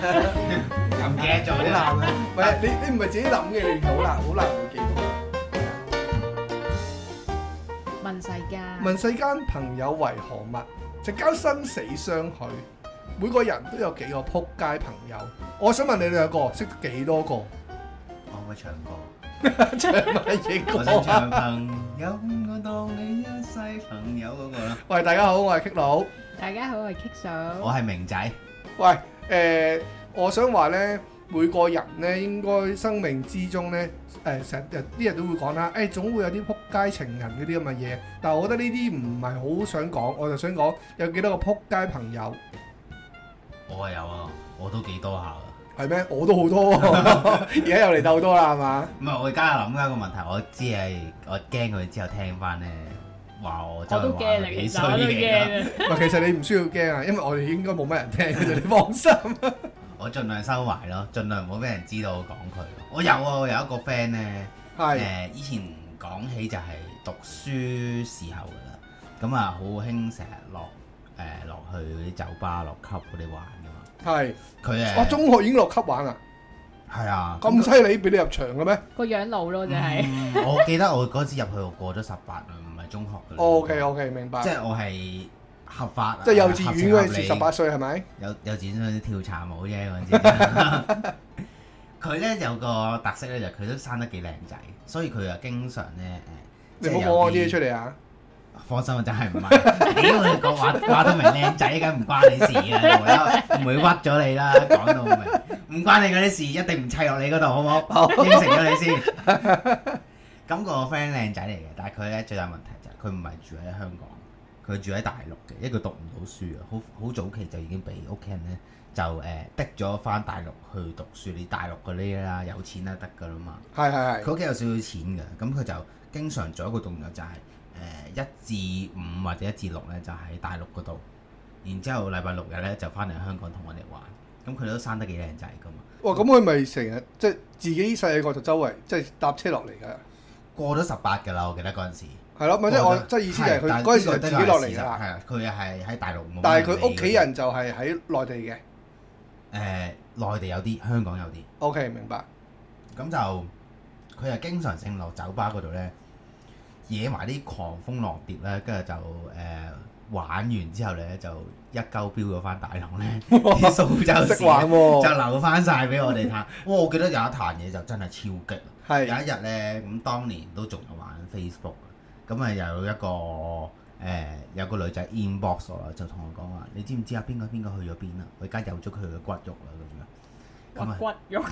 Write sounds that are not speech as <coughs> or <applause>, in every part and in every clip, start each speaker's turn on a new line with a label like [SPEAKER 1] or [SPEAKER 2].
[SPEAKER 1] 咁嘅做好
[SPEAKER 2] 難咧，唔係你你唔係自己諗嘅，你好難好難會記得。
[SPEAKER 3] 問世間，
[SPEAKER 2] 問世間朋友為何物？直教生死相許。每個人都有幾個仆街朋友，我想問你兩個識幾多個？
[SPEAKER 1] 我咪唱過，唱乜嘢歌？朋友我當你一世，朋友嗰個。喂，大家好，我係 K 佬。
[SPEAKER 2] 大家好，我係 K 嫂。我係
[SPEAKER 1] 明仔。
[SPEAKER 2] 喂。誒、呃，我想話咧，每個人咧應該生命之中咧，誒成日啲人都會講啦，誒、欸、總會有啲撲街情人嗰啲咁嘅嘢，但係我覺得呢啲唔係好想講，我就想講有幾多個撲街朋友。
[SPEAKER 1] 我啊有啊，我都幾多下啊。
[SPEAKER 2] 係咩？我都好多，
[SPEAKER 1] 而家 <laughs> <laughs> 又嚟鬥多啦，係嘛？唔係，我而家諗緊個問題，我知係我驚佢之後聽翻咧。話我真係幾其實你唔需要驚啊，因為我哋應該冇乜人聽，你放心。我盡量收埋咯，盡量唔好俾人知道我講佢。我有啊，我有一個 friend 咧，誒以前講起就係讀書時候噶啦，咁啊好興成日落誒落去啲酒吧落 club 嗰啲玩噶嘛。係佢啊，我中
[SPEAKER 2] 學已經落 club 玩啦。
[SPEAKER 1] 係啊，咁犀利俾你入場嘅咩？
[SPEAKER 2] 個樣老咯，真係。我記
[SPEAKER 1] 得我嗰次入去，我過咗十八啊。中學嘅、oh，OK OK，明白。即係我係合法，即係幼稚園嗰陣時十八歲係咪？幼幼稚園嗰啲跳茶舞啫，嗰啲，就是。佢咧 <laughs> <laughs> 有個特色咧，就佢都生得幾靚仔，所以佢又經常咧誒，即、就、係、是、有啲。嘢出嚟啊？放心啊，真係唔係。屌、 <laughs> 哎，講話話得明靚仔，梗唔關你事啊！唔會唔會屈咗你啦？講到唔明，唔關你嗰啲事，一定唔砌落你嗰度，好唔好？好， <laughs> 應承咗你先。咁 <laughs> 個 friend 靚仔嚟嘅，但係佢咧最大問題。佢唔係住喺香港，佢住喺大陸嘅，因為佢讀唔到書啊，好好早期就已經俾屋企人呢，就誒，得咗翻大陸去讀書。你大陸嗰啲啦，有錢啊得噶啦嘛。係係係。佢屋企有少少錢㗎，咁佢就經常做一個動作、就係，就係誒一至五或者一至六呢，就喺大陸嗰度，然之後禮拜六日呢，就翻嚟香港同我哋玩。咁佢都生得幾靚仔㗎嘛。哇、
[SPEAKER 2] 哦！咁佢咪成日即係自己細個就周圍即係搭車落嚟㗎。
[SPEAKER 1] 過咗十八㗎啦，我記得嗰陣時。係咯，咪即係我即係意思係佢嗰陣時自己落嚟㗎啦。係啊，佢係喺大陸，但係佢屋企
[SPEAKER 2] 人就係喺內地嘅。
[SPEAKER 1] 誒，內地有啲，香港有啲。OK，明白。咁就佢又經常性落酒吧嗰度咧，惹埋啲狂蜂浪蝶咧，跟住就誒玩完之後咧，就一鳩標咗翻大陸咧。蘇州識玩喎，就留翻晒俾我哋睇。哇！我記得有一壇嘢就真係超激。係。有一日咧，咁當年都仲有玩 Facebook。咁啊，又有一個誒、呃，有個女仔 inbox 啊，啊，啊，就同我講話，你知唔知啊？邊個邊個去咗邊啊？佢而家有咗佢嘅骨肉啦，咁樣。咁骨肉，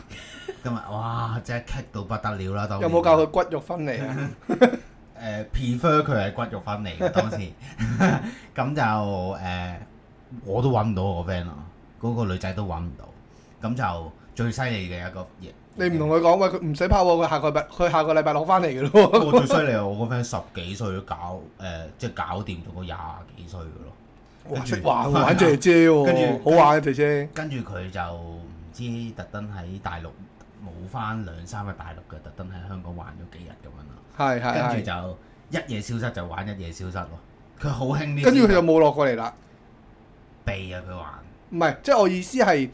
[SPEAKER 1] 咁日哇，真係激到不得了啦！有冇
[SPEAKER 2] 教佢骨肉分離
[SPEAKER 1] 啊？誒、 <laughs> <laughs> 呃、prefer 佢係骨肉分離嘅當時。咁 <laughs> 就誒、呃，我都揾唔到我個 friend 咯，嗰、嗰個女仔都揾唔到。咁就最犀利嘅一個。你唔同
[SPEAKER 2] 佢講喂，佢唔使怕喎，佢下個禮佢下個禮拜攞翻嚟嘅咯。我最犀
[SPEAKER 1] 利啊！我個 friend 十幾歲都搞誒，即、呃、係搞掂咗個廿幾歲嘅咯。我識玩玩，玩姐姐喎、哦，跟住着好玩着、啊、姐姐。跟住佢就唔知特登喺大陸冇翻兩三個大陸嘅，特登喺香港玩咗幾日咁樣咯。係係跟住就一夜消失就玩一夜消失咯。佢好興呢。跟住佢
[SPEAKER 2] 就冇落過嚟啦。
[SPEAKER 1] 避啊！佢玩
[SPEAKER 2] 唔係，即係我意思係。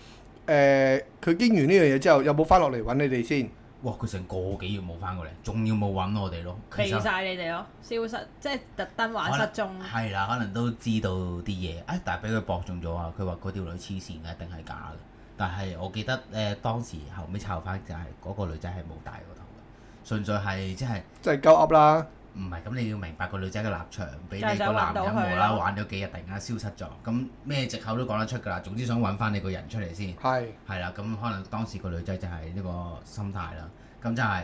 [SPEAKER 2] 誒，佢、呃、經完呢樣嘢之後，有冇翻落嚟揾你哋先？
[SPEAKER 1] 哇！佢成個幾月冇翻過嚟，仲要冇揾我哋咯，避晒
[SPEAKER 3] 你哋咯，消失，即係特登玩失蹤。
[SPEAKER 1] 係啦，可能都知道啲嘢，誒、哎，但係俾佢博中咗啊！佢話嗰條女黐綫嘅，一定係假嘅。但係我記得誒、呃，當時後尾抄翻就係、是、嗰個女仔係冇戴個頭嘅，純粹係、就是、即係即係鳩噏啦。唔係，咁你要明白個女仔嘅立場，俾你個男人無啦玩咗幾日，突然間消失咗，咁咩藉口都講得出㗎啦。總之想揾翻你個人出嚟先，係，係啦。咁可能當時個女仔就係呢個心態啦。咁就係，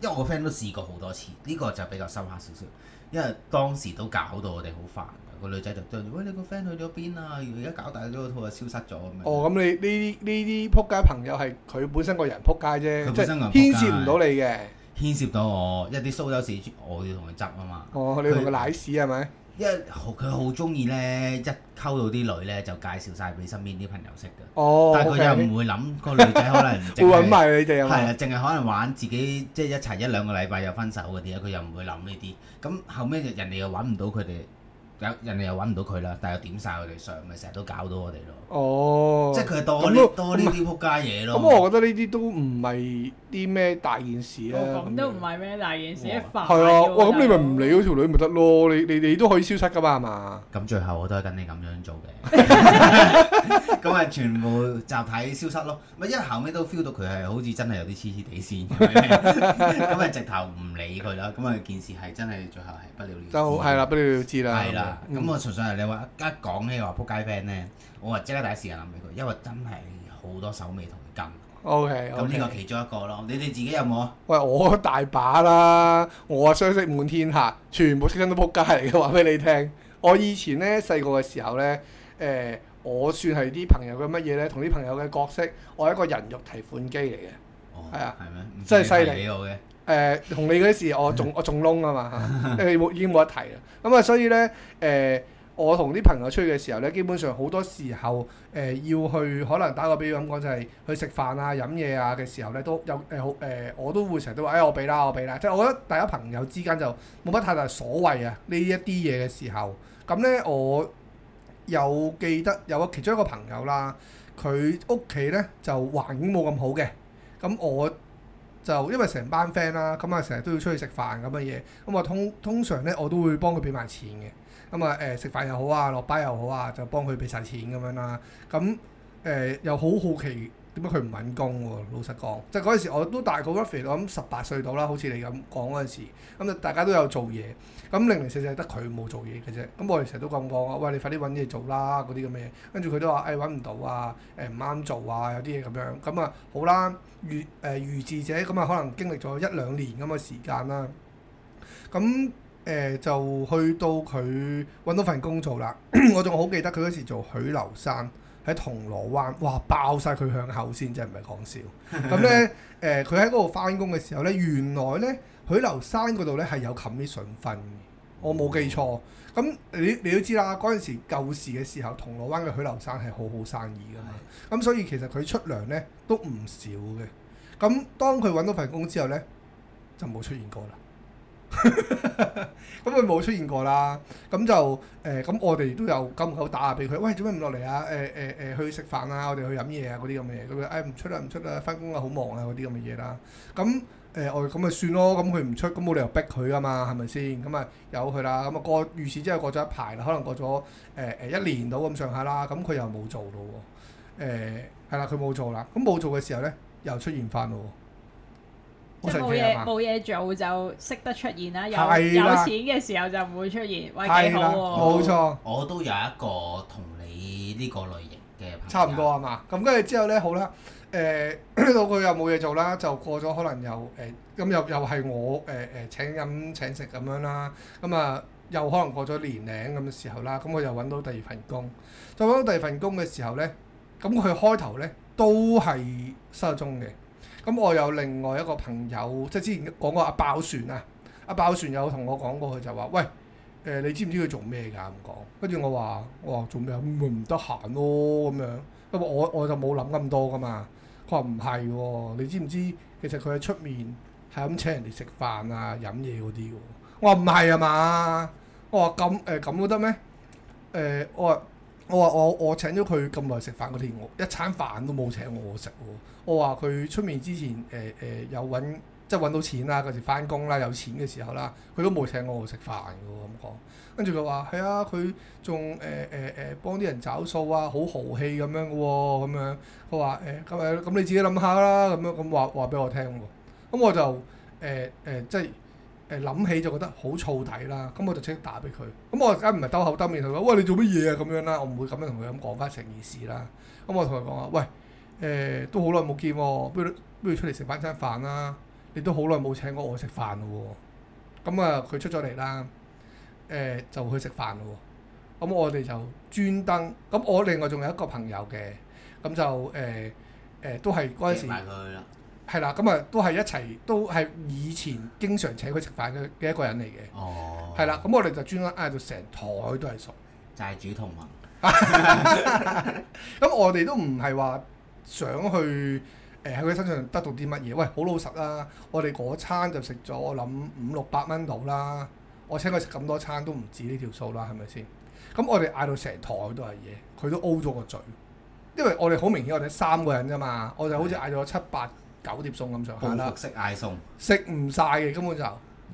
[SPEAKER 1] 因為我個 friend 都試過好多次，呢個就比較深刻少少。因為當時都搞到我哋好煩，個女仔就對住餵你個 friend 去咗邊啊？而家搞大咗個套啊，消失咗咁。哦，
[SPEAKER 2] 咁你呢呢啲撲街朋友係佢本身個人撲街啫，即係牽涉唔到
[SPEAKER 1] 你嘅。牽涉到我一啲蘇州屎，我要同佢執啊嘛。哦，你同佢奶屎係咪？因為佢好中意咧，一溝到啲女咧，就介紹晒俾身邊啲朋友識嘅。哦，但係佢又唔會諗個女仔可能、哦 okay、 <laughs> 會揾埋你哋。係啊，淨係可能玩自己，即係一齊一兩個禮拜又分手嘅啲，佢又唔會諗呢啲。咁後尾就人哋又揾唔到佢哋。人哋又揾唔到佢啦，但係又點晒我哋上，咪成日都搞到我哋咯。
[SPEAKER 2] 哦，即係佢多呢多呢啲仆街嘢咯。咁我覺得呢啲都唔係啲咩大件事啦。咁都
[SPEAKER 3] 唔係咩大件事，一發係啊。咁你咪
[SPEAKER 2] 唔理嗰條女咪得咯。
[SPEAKER 1] 你你你都可以消失㗎嘛，係嘛？咁最後我都係跟你咁樣做嘅。咁啊，全部集體消失咯。咪一後尾都 feel 到佢係好似真係有啲黐黐地線咁樣。咁咪直頭唔理佢啦。咁啊，件事係真係最後係不了了之。就係啦，不了了之啦。係啦。咁、嗯、我純粹係你話一講咧，我話仆街 friend 咧，我話即刻第一時間諗起佢，因為真係好多手尾同根。OK，咁呢個其中一個咯。你哋自己有冇？
[SPEAKER 2] 喂，我大把啦，我啊相識滿天下，全部識親都仆街嚟嘅，話俾你聽。我以前咧細個嘅時候咧，誒、呃，我算係啲朋友嘅乜嘢咧？同啲朋友嘅角色，我係一個人肉提款機嚟嘅，係啊、哦，係咪？真係犀利。嘅。誒同、呃、你嗰時我仲 <laughs> 我仲窿啊嘛，誒冇已經冇得提啦。咁啊，所以咧，誒、呃、我同啲朋友出去嘅時候咧，基本上好多時候誒、呃、要去，可能打個比喻咁講就係去食飯啊、飲嘢啊嘅時候咧，都有誒好誒，我都會成日都話誒我俾啦，我俾啦，啦，即係我覺得大家朋友之間就冇乜太大所謂啊呢一啲嘢嘅時候，咁咧我有記得有個其中一個朋友啦，佢屋企咧就環境冇咁好嘅，咁我。就因為成班 friend 啦、啊，咁啊成日都要出去食飯咁嘅嘢，咁啊通通常呢我都會幫佢俾埋錢嘅，咁啊誒食飯又好啊落班又好啊，就幫佢俾晒錢咁樣啦、啊，咁誒、欸、又好好奇。點解佢唔揾工喎？老實講，即係嗰陣時我都大過 Raffy，我諗十八歲到啦，好似你咁講嗰陣時，咁就大家都有做嘢，咁零零碎碎得佢冇做嘢嘅啫。咁我哋成日都咁講啊，喂，你快啲揾嘢做啦，嗰啲咁嘅嘢。跟住佢都話誒揾唔到啊，誒唔啱做啊，有啲嘢咁樣。咁、嗯、啊好啦，如誒如是者咁啊、嗯，可能經歷咗一兩年咁嘅時間啦。咁、嗯、誒、呃、就去到佢揾到份工做啦。 <coughs> 我仲好記得佢嗰時做許留山。喺銅鑼灣，哇，爆晒佢向後先，真係唔係講笑。咁咧、 <laughs> 嗯，誒佢喺嗰度翻工嘅時候咧，原來咧許留山嗰度咧係有冚啲水分，我冇記錯。咁、哦嗯、你你都知啦，嗰陣時舊時嘅時候，銅鑼灣嘅許留山係好好生意㗎嘛。咁的、嗯、所以其實佢出糧咧都唔少嘅。咁、嗯、當佢揾到份工之後咧，就冇出現過啦。咁佢冇出現過啦，咁就誒咁、呃、我哋都有咁口打下俾佢，喂做咩唔落嚟啊？誒誒誒去食飯啊，我哋去飲嘢啊嗰啲咁嘅嘢，佢話誒唔出啦唔出、啊、那那啦，翻工啊好忙啊嗰啲咁嘅嘢啦，咁誒我咁咪算咯，咁佢唔出，咁冇理由逼佢噶嘛，係咪先？咁啊由佢啦，咁啊過於是之後過咗一排啦，可能過咗誒誒一年到咁上下啦，咁佢又冇做咯喎、喔，誒係啦，佢冇做啦，咁冇做嘅時候咧又出現翻咯喎。
[SPEAKER 3] 冇嘢冇嘢做就識得出現啦，有的有錢嘅時候就唔會出現，哇幾好喎、啊、冇錯，
[SPEAKER 1] 我都有一個同你呢個類型嘅。
[SPEAKER 2] 差唔多吖嘛？咁跟住之後咧，好啦，誒、呃、到佢又冇嘢做啦，就過咗可能、呃、又誒咁又又係我誒誒、呃、請飲請食咁樣啦。咁啊又可能過咗年零咁嘅時候啦，咁我又揾到第二份工。再揾到第二份工嘅時候咧，咁佢開頭咧都係失蹤嘅。咁我有另外一個朋友，即係之前講過阿爆船啊，阿爆船有同我講過，佢就話：喂，誒你知唔知佢做咩㗎？咁講，跟住我話：我話做咩？唔得閒咯，咁樣。不過我我就冇諗咁多㗎嘛。佢話唔係喎，你知唔知、哦、知，知其實佢喺出面係咁請人哋食飯啊、飲嘢嗰啲喎。我話唔係啊嘛，我話咁誒咁都得咩？誒、呃、我。我話我我請咗佢咁耐食飯嗰啲，我一餐飯都冇請我食喎。我話佢出面之前誒誒有揾，即係揾到錢啦，嗰時翻工啦，有錢嘅時候啦，佢都冇請我食飯嘅喎咁講。跟住佢話係啊，佢仲誒誒誒幫啲人找數啊，好豪氣咁樣嘅喎咁樣。佢話誒咁誒咁你自己諗下啦，咁樣咁話話俾我聽喎。咁我就誒誒、呃呃、即係。誒諗起就覺得好燥底啦，咁我就即刻打俾佢。咁我而家唔係兜口兜面同佢，喂，你做乜嘢啊？咁樣啦，我唔會咁樣同佢咁講翻成件事啦。咁我同佢講話，喂，誒都好耐冇見，不如不如出嚟食翻餐飯啦。你都好耐冇請過我食飯咯喎。咁啊，佢出咗嚟啦，誒就去食飯咯喎。咁我哋就專登。咁我另外仲有一個朋友嘅，咁就誒誒都係嗰陣時。係啦，咁啊都係一齊，都係以前經常請佢食飯嘅嘅一個人嚟嘅。哦、oh.，係啦，咁我哋就專登嗌到成台都係熟就係
[SPEAKER 1] 債主同盟。
[SPEAKER 2] 咁 <laughs> <laughs> <laughs> 我哋都唔係話想去誒喺佢身上得到啲乜嘢。喂，好老實啦、啊，我哋嗰餐就食咗我諗五六百蚊到啦。我請佢食咁多餐都唔止呢條數啦，係咪先？咁我哋嗌到成台都係嘢，佢都 O 咗個嘴，因為我哋好明顯我哋三個人啫嘛，我哋好似嗌咗七八。九碟餸咁上下啦，食唔晒嘅根本就，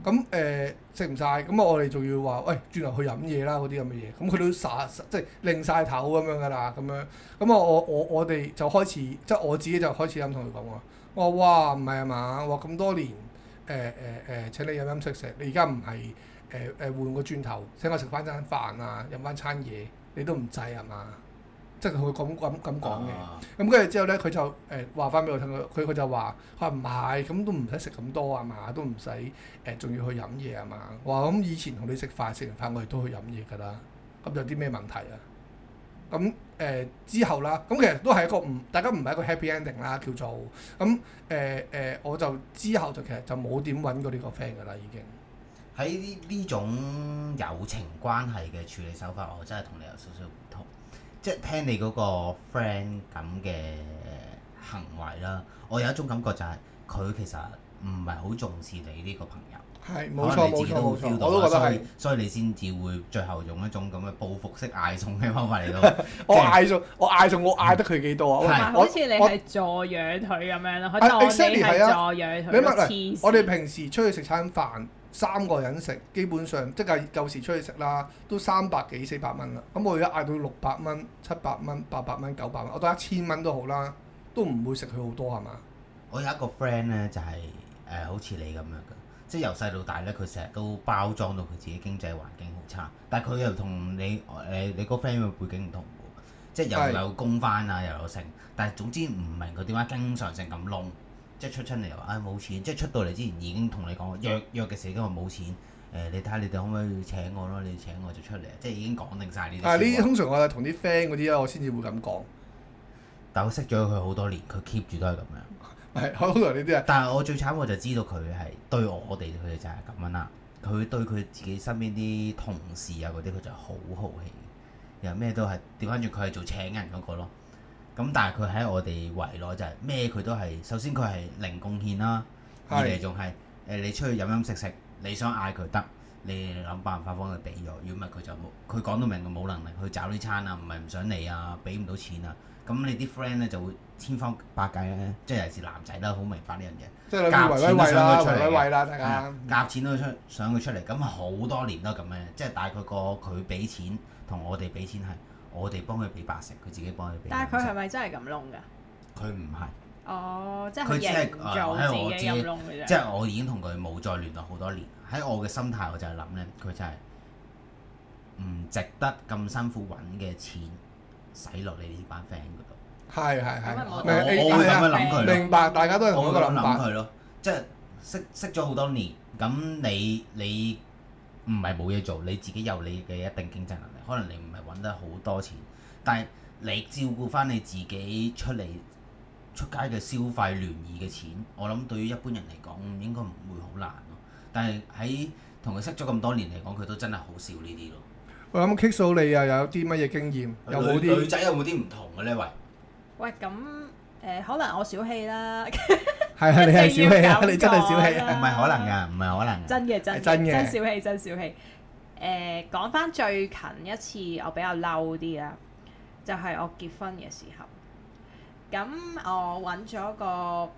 [SPEAKER 2] 咁誒食唔晒。咁啊、呃、我哋仲要話，喂、欸，轉頭去飲嘢啦，嗰啲咁嘅嘢，咁佢都耍，即係擰晒頭咁樣㗎啦，咁樣，咁啊我我我哋就開始，即係我自己就開始咁同佢講喎，我話哇唔係啊嘛，我話咁多年，誒誒誒請你飲飲食食，你而家唔係誒誒換個轉頭，請我食翻餐飯啊，飲翻餐嘢，你都唔制係嘛？即係佢咁咁咁講嘅，咁跟住之後咧，佢、呃、就誒話翻俾我聽，佢佢就話，佢唔係，咁都唔使食咁多啊嘛，都唔使誒，仲要去飲嘢啊嘛。我話：咁以前同你食飯，食完飯我哋都去飲嘢㗎啦。咁有啲咩問題啊？咁、嗯、誒、呃、之後啦，咁其實都係一個唔，大家唔係一個 happy ending 啦，叫做咁誒誒，我就
[SPEAKER 1] 之後就其實就冇點揾過呢個 friend 㗎啦，已經。喺呢呢種友情關係嘅處理手法，我真係同你有少少唔同。即係聽你嗰個 friend 咁嘅行為啦，我有一種感覺就係佢其實唔係好重視你呢個朋友，係冇錯冇錯冇錯，你自己都 feel 到，我都覺得係，所以你先至會最後用一種咁嘅報復式嗌餸嘅方法嚟到，我嗌餸我嗌餸我嗌得佢幾多啊？好似你係
[SPEAKER 3] 助養佢咁樣咯。我哋助養佢我哋平
[SPEAKER 2] 時出去食餐飯。三個人食，基本上即係舊時出去食啦，都三百幾四百蚊啦。咁我而家嗌到六百蚊、七百蚊、八百蚊、九百蚊，我當一千蚊都好啦，都唔會食佢好多係嘛？
[SPEAKER 1] 我有一個 friend 呢，就係、是、誒、呃、好似你咁樣嘅，即係由細到大呢，佢成日都包裝到佢自己經濟環境好差，但係佢又你、呃、你同你誒你嗰 friend 嘅背景唔同喎，即係、啊、是又有工返啊，又有剩，但係總之唔明佢點解經常性咁燶。即係出親嚟話，唉冇錢！即係出到嚟之前已經同你講約 <music> 約嘅時候都話冇錢。誒、呃，你睇下你哋可唔可以請我咯？你請我就出嚟，即係已經講定晒呢啲。啊！呢通
[SPEAKER 2] 常我哋同啲 friend 嗰啲啦，我先至會咁講。
[SPEAKER 1] 但我識咗佢好多年，佢 keep 住都係咁樣。係，通常呢啲啊。但係我最慘，我就知道佢係對我哋，佢就係咁樣啦。佢對佢自己身邊啲同事啊嗰啲，佢就好豪氣。又咩都係。調翻轉，佢係做請人嗰、嗰個咯。咁但係佢喺我哋圍內就係咩佢都係，首先佢係零貢獻啦，
[SPEAKER 3] 二嚟仲
[SPEAKER 1] 係誒你出去飲飲食食，你想嗌佢得，你諗辦法幫佢俾咗，如果唔係佢就冇，佢講到明佢冇能力去找呢餐啊，唔係唔想嚟啊，俾唔到錢啊，咁你啲 friend 咧就會千方百計咧，即係尤其是男仔啦，好明白呢樣嘢，夾錢都上佢出嚟嘅，夾錢都出想佢出嚟，咁好多年都係咁嘅，即係大概個佢俾錢同我哋俾錢係。我哋幫佢俾八成，佢自己幫佢俾。但係
[SPEAKER 3] 佢係咪真係咁弄㗎？
[SPEAKER 1] 佢唔係。哦，
[SPEAKER 3] 即係佢嘢唔做，自己即係、啊、我，
[SPEAKER 1] 我已經同佢冇再聯絡好多年。喺我嘅心態，我就係諗咧，佢真係唔值得咁辛苦揾嘅錢，使落你呢班 friend 嗰度。
[SPEAKER 2] 係係係，我會咁樣諗佢。是明白，大家都係我會咁諗佢咯。即、就、係、
[SPEAKER 1] 是、識識咗好多年，咁你你唔係冇嘢做，你自己有你嘅一定經濟能力，可能你。揾得好多錢，但係你照顧返你自己出嚟出街嘅消費聯誼嘅錢，我諗對於一般人嚟講，應該唔會難、啊、好難咯。但係喺同佢識咗咁多年嚟講，佢都真係好少呢啲咯。
[SPEAKER 2] 我諗 k i 你又有啲乜嘢經驗？有冇啲女仔，有冇
[SPEAKER 1] 啲唔同嘅呢？喂
[SPEAKER 3] 喂，咁誒、呃呃，可能我小氣啦，係 <laughs> 係的 <laughs> 你係小氣啊！你真係小，小氣，唔係可能㗎，唔係可能。真嘅真真嘅，真小氣，真小氣。誒講翻最近一次我比較嬲啲啦，就係我結婚嘅時候。咁我揾咗個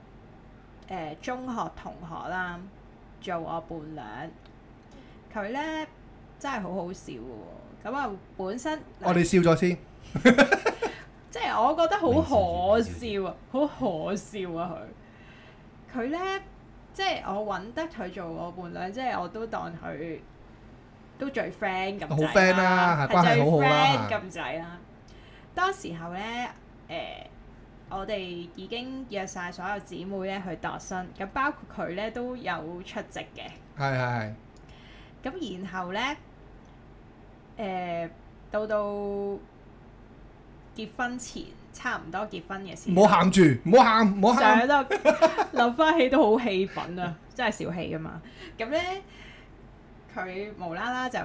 [SPEAKER 3] 誒中學同學啦做我伴娘，佢呢真係好好笑喎。咁啊，本身我哋
[SPEAKER 2] 笑咗先，
[SPEAKER 3] <laughs> <laughs> 即係我覺得好可，可笑啊，好可笑啊佢。佢呢，即係我揾得佢做我伴娘，即係我都當佢。都最 friend 咁好 friend、啊、啦，係最 friend 咁仔啦。當時候咧，誒、呃，我哋已經約晒所有姊妹咧去度身，咁包括佢咧都有出席嘅。
[SPEAKER 2] 係係係。
[SPEAKER 3] 咁然後咧，誒、呃，到到結婚前差唔多結婚嘅時候，唔好喊住，
[SPEAKER 2] 唔好喊，唔好喊，
[SPEAKER 3] 諗翻了 <laughs> 起都好氣憤啊！真係小氣㗎嘛。咁咧。佢無啦啦就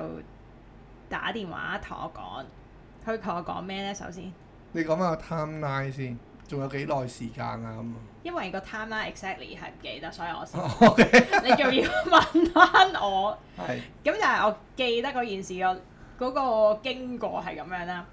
[SPEAKER 3] 打電話同我講，佢同我講咩呢？首先，你講下個 time
[SPEAKER 2] line 先，仲有幾耐時間啊？咁，
[SPEAKER 3] 因為個 time line exactly 係唔記得，所以我先， <laughs> Okay . <laughs> 你仲要問翻我，係咁，就係我記得嗰件事個嗰個經過係咁樣啦。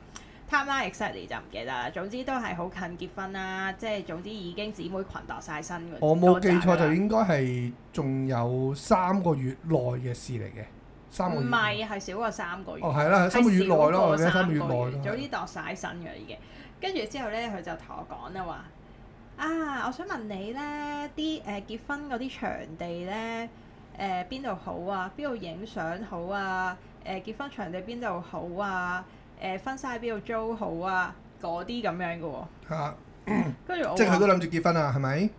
[SPEAKER 3] 咁啦，exactly 就唔記得啦。總之都係好近結婚啦，即係總之已經姊妹群度晒身。我
[SPEAKER 2] 冇記錯了就應該係仲有三個月內嘅事嚟嘅，三個月唔
[SPEAKER 3] 係，係少過三個月。哦，係啦，三個月內咯，或者三個月內咯是、嗯，總之墮曬身度晒身嘅已經。跟住之後咧，佢就同我講啦話：啊，我想問你咧，啲誒、呃、結婚嗰啲場地咧，誒邊度好啊？邊度影相好啊？誒、呃、結婚場地邊度好啊？啊啊誒，婚紗喺邊度租好啊？嗰啲咁樣噶喎。吓，
[SPEAKER 2] 跟住我，即係佢都諗住結婚啊？係咪？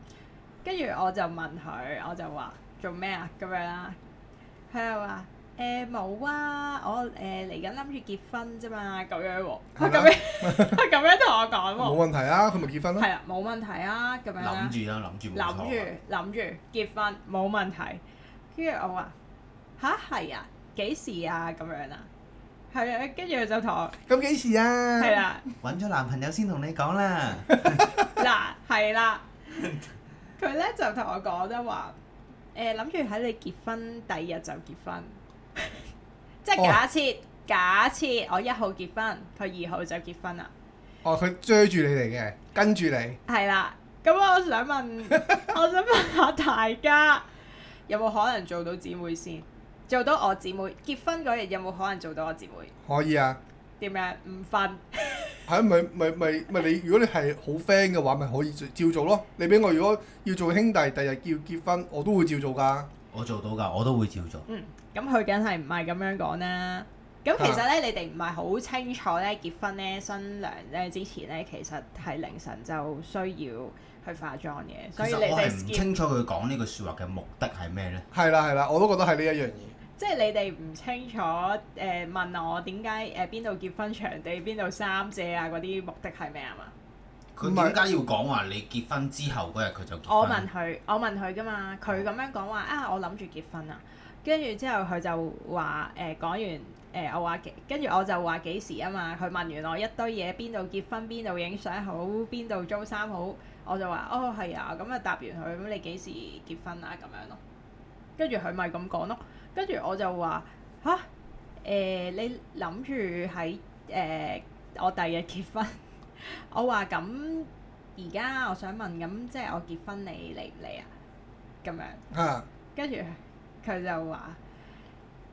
[SPEAKER 3] 跟住我就問佢，我就話做咩啊？咁樣啦。佢又話誒冇啊，我誒嚟緊諗住結婚啫嘛，咁樣喎、啊。佢咁的、啊、樣，佢咁樣同我講冇、啊、 <laughs> 問
[SPEAKER 2] 題啊，佢咪結婚咯。係啊，
[SPEAKER 3] 冇問題啊，咁樣啦、
[SPEAKER 2] 啊。
[SPEAKER 3] 諗住啦、啊，諗住諗住諗住結婚，冇問題。跟住我話吓係啊，幾時啊？咁樣啊？係啊，跟住就同我。咁幾時啊？係啦。
[SPEAKER 1] 揾咗男朋友先同你講啦。
[SPEAKER 3] 嗱， <laughs> 係啦。佢咧就同我講咗話，誒諗住喺你結婚第二日就結婚，
[SPEAKER 2] 即係假
[SPEAKER 3] 設、哦、假設我一號結婚，佢二號就結婚啦。
[SPEAKER 2] 哦，佢追住你嚟
[SPEAKER 3] 嘅，跟住你。係啦，咁、嗯嗯、我想問， <laughs> 我想問下大家，有冇可能做到姊妹先？做到我姊妹結婚嗰日有冇可能做到我姊妹？可以啊。點樣唔
[SPEAKER 2] 瞓？係咪咪咪咪你？如果你係好 friend 嘅話，咪可以照做咯。你俾我，如果要做兄弟，第日要結婚我
[SPEAKER 1] 我，我都會照做噶。我做到噶，我都會照做。嗯，
[SPEAKER 3] 咁佢梗係唔係咁樣講啦？咁其實咧，是的 你哋唔係好清楚咧，結婚咧，新娘咧之前咧，其實係凌晨就需要去化妝嘅。其實 所以你哋唔清
[SPEAKER 1] 楚佢講呢個説話嘅目的係咩咧？係啦係啦，我都覺得係呢一樣嘢 hour。 <music> <music>
[SPEAKER 3] 即係你哋唔清楚誒、呃、問我點解誒邊度結婚場地邊度三謝啊嗰啲目的係咩啊嘛？佢點解要講話你
[SPEAKER 1] 結婚之後嗰日佢就我問
[SPEAKER 3] 佢我問佢㗎嘛？佢咁樣講話啊，我諗住結婚啊，跟住之後佢就話誒、呃、講完誒、呃、我話幾跟住我就話幾時啊嘛？佢問完我一堆嘢，邊度結婚邊度影相好，邊度租衫好，我就話哦係啊，咁啊答完佢咁、嗯、你幾時結婚啊咁樣咯，跟住佢咪咁講咯。跟住我就話吓？誒、呃、你諗住喺誒我第日結婚， <laughs> 我話咁而家我想問，咁即係我結婚你嚟唔嚟啊？咁樣，嗯，跟住佢就話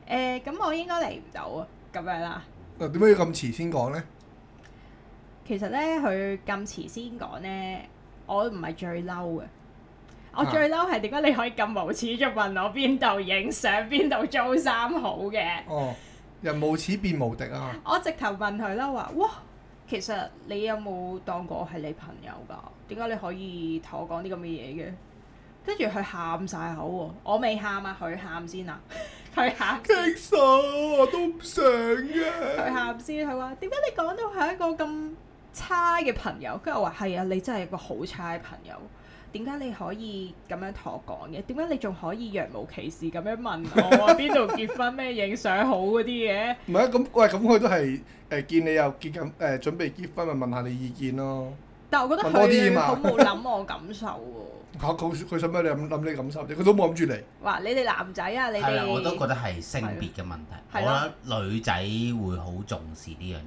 [SPEAKER 3] 誒，咁我應該嚟唔到啊，咁樣啦。
[SPEAKER 2] 啊，點解要咁遲先講咧？
[SPEAKER 3] 其實咧，佢咁遲先講咧，我唔係最嬲嘅。我最嬲係點解你可以咁無恥，就問我邊度影相、邊度租衫好嘅？
[SPEAKER 2] 哦，人無恥變無敵
[SPEAKER 3] 啊！我直頭問佢啦，話哇，其實你有冇當過我係你朋友㗎？點解你可以同我講啲咁嘅嘢嘅？跟住佢喊晒口喎，我未喊啊，佢喊先啊！佢喊，棘手 <laughs> <laughs> 我都唔想嘅。佢喊先，佢話點解你講到係一個咁差嘅朋友？跟住我話係啊，你真係一個好差嘅朋友。點解你可以咁樣同我講嘅？點解你仲可以若無其事咁樣問我話邊度結婚咩影相好嗰啲嘢？
[SPEAKER 2] 唔係啊，咁喂，咁佢都係誒、呃、見你又結緊誒準備結婚，咪問下你意見咯。
[SPEAKER 3] 但係我覺得佢啲好冇諗我感受喎、
[SPEAKER 2] 啊。佢佢佢想乜你諗諗呢個感受佢、啊、
[SPEAKER 1] 都冇諗住你。
[SPEAKER 3] 哇！你哋男仔啊，你哋，係啦，我都覺
[SPEAKER 1] 得係性別嘅問題。的我覺得女仔會好重視呢樣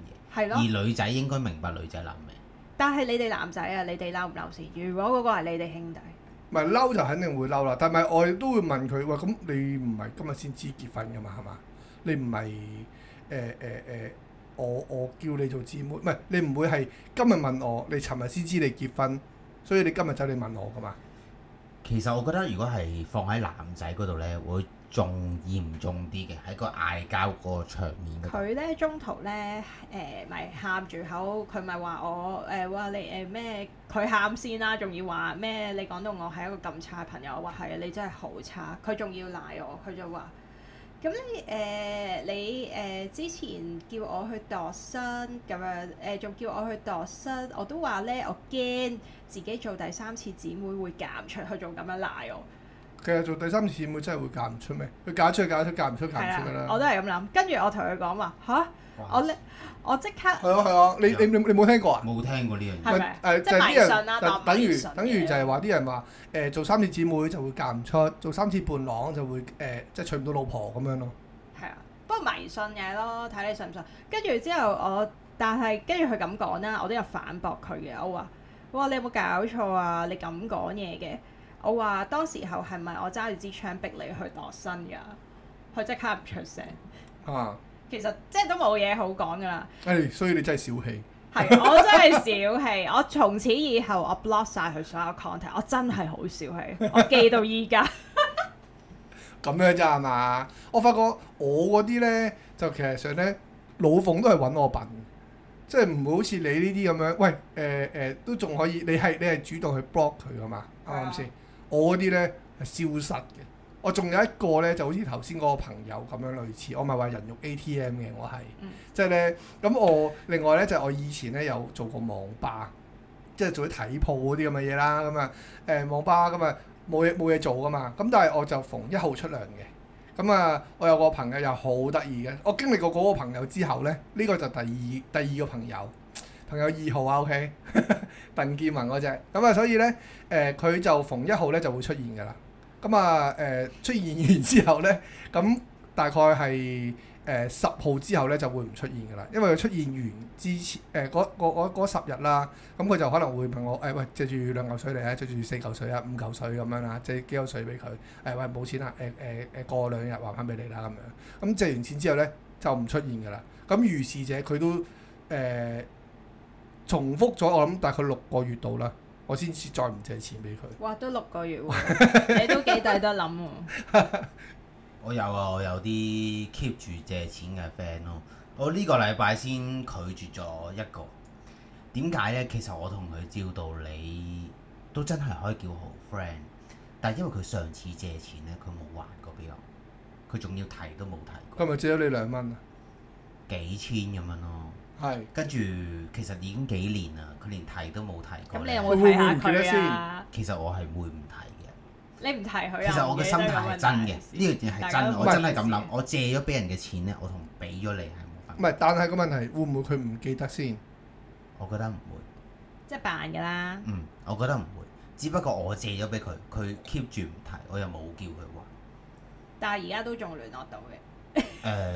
[SPEAKER 1] 嘢，的而女仔應該明白女仔諗咩。的
[SPEAKER 3] 但係你哋男仔啊，你哋嬲唔嬲先？如果嗰個係你哋兄弟，唔
[SPEAKER 1] 係嬲就肯定會嬲啦。但係
[SPEAKER 2] 我亦都會問佢，喂，咁你唔係今日先知結婚噶嘛？係嘛？你唔係誒誒誒，我我叫你做姊妹，唔係你唔會係今日問我，你尋日先知你結婚，所以你今日走你問我噶嘛？
[SPEAKER 1] 其實我覺得如果係放喺男仔嗰度咧，會。仲嚴重啲嘅喺個嗌交嗰個場面。
[SPEAKER 3] 佢咧中途咧誒咪喊住口，佢咪話我誒話你誒咩？佢喊先啦，仲要話咩？你講、呃啊、到我係一個咁差嘅朋友，話係啊，你真係好差。佢仲要賴我，佢就話：咁你誒、呃、你誒、呃、之前叫我去度身咁樣誒，仲、呃、叫我去度身，我都話咧我驚自己做第三次姊妹會減出，出佢仲咁樣賴我。其
[SPEAKER 2] 實做第三次姊妹真係會嫁唔出咩？佢嫁出去，嫁出去，嫁唔出，嫁唔出㗎啦。我都
[SPEAKER 3] 係咁諗，跟住哇塞我同佢講話吓？我咧我即刻
[SPEAKER 2] 係啊係啊！你你你你冇聽過啊？冇聽過呢樣嘢係咪？誒就係啲人等於等於就係話啲人話誒、欸、做三次姊妹就會嫁唔出，做三次伴郎就會誒、欸、即係娶唔到老婆咁樣咯。係
[SPEAKER 3] 啊，不過迷信嘢咯，睇你信唔信。跟住之後我，但係跟住佢咁講啦，我都有反駁佢嘅。我話：我話你有冇搞錯啊？你咁講嘢嘅？我話當時候係咪我揸住支槍逼你去度身㗎？佢即刻唔出聲。啊，其實即係都冇嘢好講㗎啦。
[SPEAKER 2] 誒、欸，所以你真係小氣。
[SPEAKER 3] 係，我真係小氣。 <laughs> 我從此以後，我 block 晒佢所有 contact，我真係好小氣。我記到依家。
[SPEAKER 2] 咁 <laughs> 樣啫係嘛？我發覺我嗰啲咧，就其實上咧，老鳳都係揾我笨，即係唔會好似你呢啲咁樣。喂，誒、呃、誒、呃，都仲可以。你係你係主動去 block 佢㗎嘛？啱唔啱先？是啊 <laughs> 我啲咧係消失嘅。我仲有一個咧，就好似頭先嗰個朋友咁樣類似。我咪話人肉 ATM 嘅，我係即係咧。咁、嗯、我另外咧就係、我以前咧有做過網吧，即、就、係、係、做啲睇鋪嗰啲咁嘅嘢啦。咁啊誒網吧，咁啊冇嘢冇嘢做噶嘛。咁、嗯、但係我就逢一號出糧嘅。咁、嗯、啊，我有個朋友又好得意嘅。我經歷過嗰個朋友之後咧，呢、呢個就第二第二個朋友。仲有二號啊，O K，鄧建文嗰隻，咁啊，所以咧，誒、呃、佢就逢一號咧就會出現嘅啦。咁、嗯、啊，誒出現完之後咧，咁、嗯、大概係誒十號之後咧就會唔出現嘅啦。因為佢出現完之前，誒、呃、嗰、呃、十日啦，咁佢就可能會問我，誒、哎、喂，借住兩嚿水嚟啊，借住四嚿水啊，五嚿水咁樣啦，借幾多水俾佢？誒喂，冇錢啦，誒誒誒，過兩日還翻俾你啦，咁樣。咁借完錢之後咧，就唔出現嘅啦。咁於是者佢都誒。呃呃呃呃重複咗，我諗大概六
[SPEAKER 1] 個月到啦，我先至再唔借錢俾佢。
[SPEAKER 3] 哇！都六個月喎， <laughs> 你都幾抵得諗喎？
[SPEAKER 1] 我有啊，我有啲 keep 住借錢嘅 friend 咯。我呢個禮拜先拒絕咗一個。點解呢？其實我同佢照道理都真係可以叫好 friend，但係因為佢上次借錢呢，佢冇還過俾我，佢仲要提都冇提過。係咪借咗你兩蚊啊？幾千咁樣咯～係，跟住其實已經幾年啦，佢連提都冇提
[SPEAKER 3] 過。你有冇睇下佢先？
[SPEAKER 1] 其實我係會唔提嘅。
[SPEAKER 3] 你唔提佢。其實我嘅心態係真
[SPEAKER 1] 嘅，呢樣嘢係真，我真係咁諗。我借咗俾人嘅錢咧，我同俾咗你係冇辦法。唔係，但係個問題會唔會佢唔記得先？我覺得唔會，
[SPEAKER 3] 即係扮㗎啦。
[SPEAKER 1] 嗯，我覺得唔會。只不過我借咗俾佢，佢 keep 住唔提，我又冇叫佢還。
[SPEAKER 3] 但係而家都仲聯絡到嘅。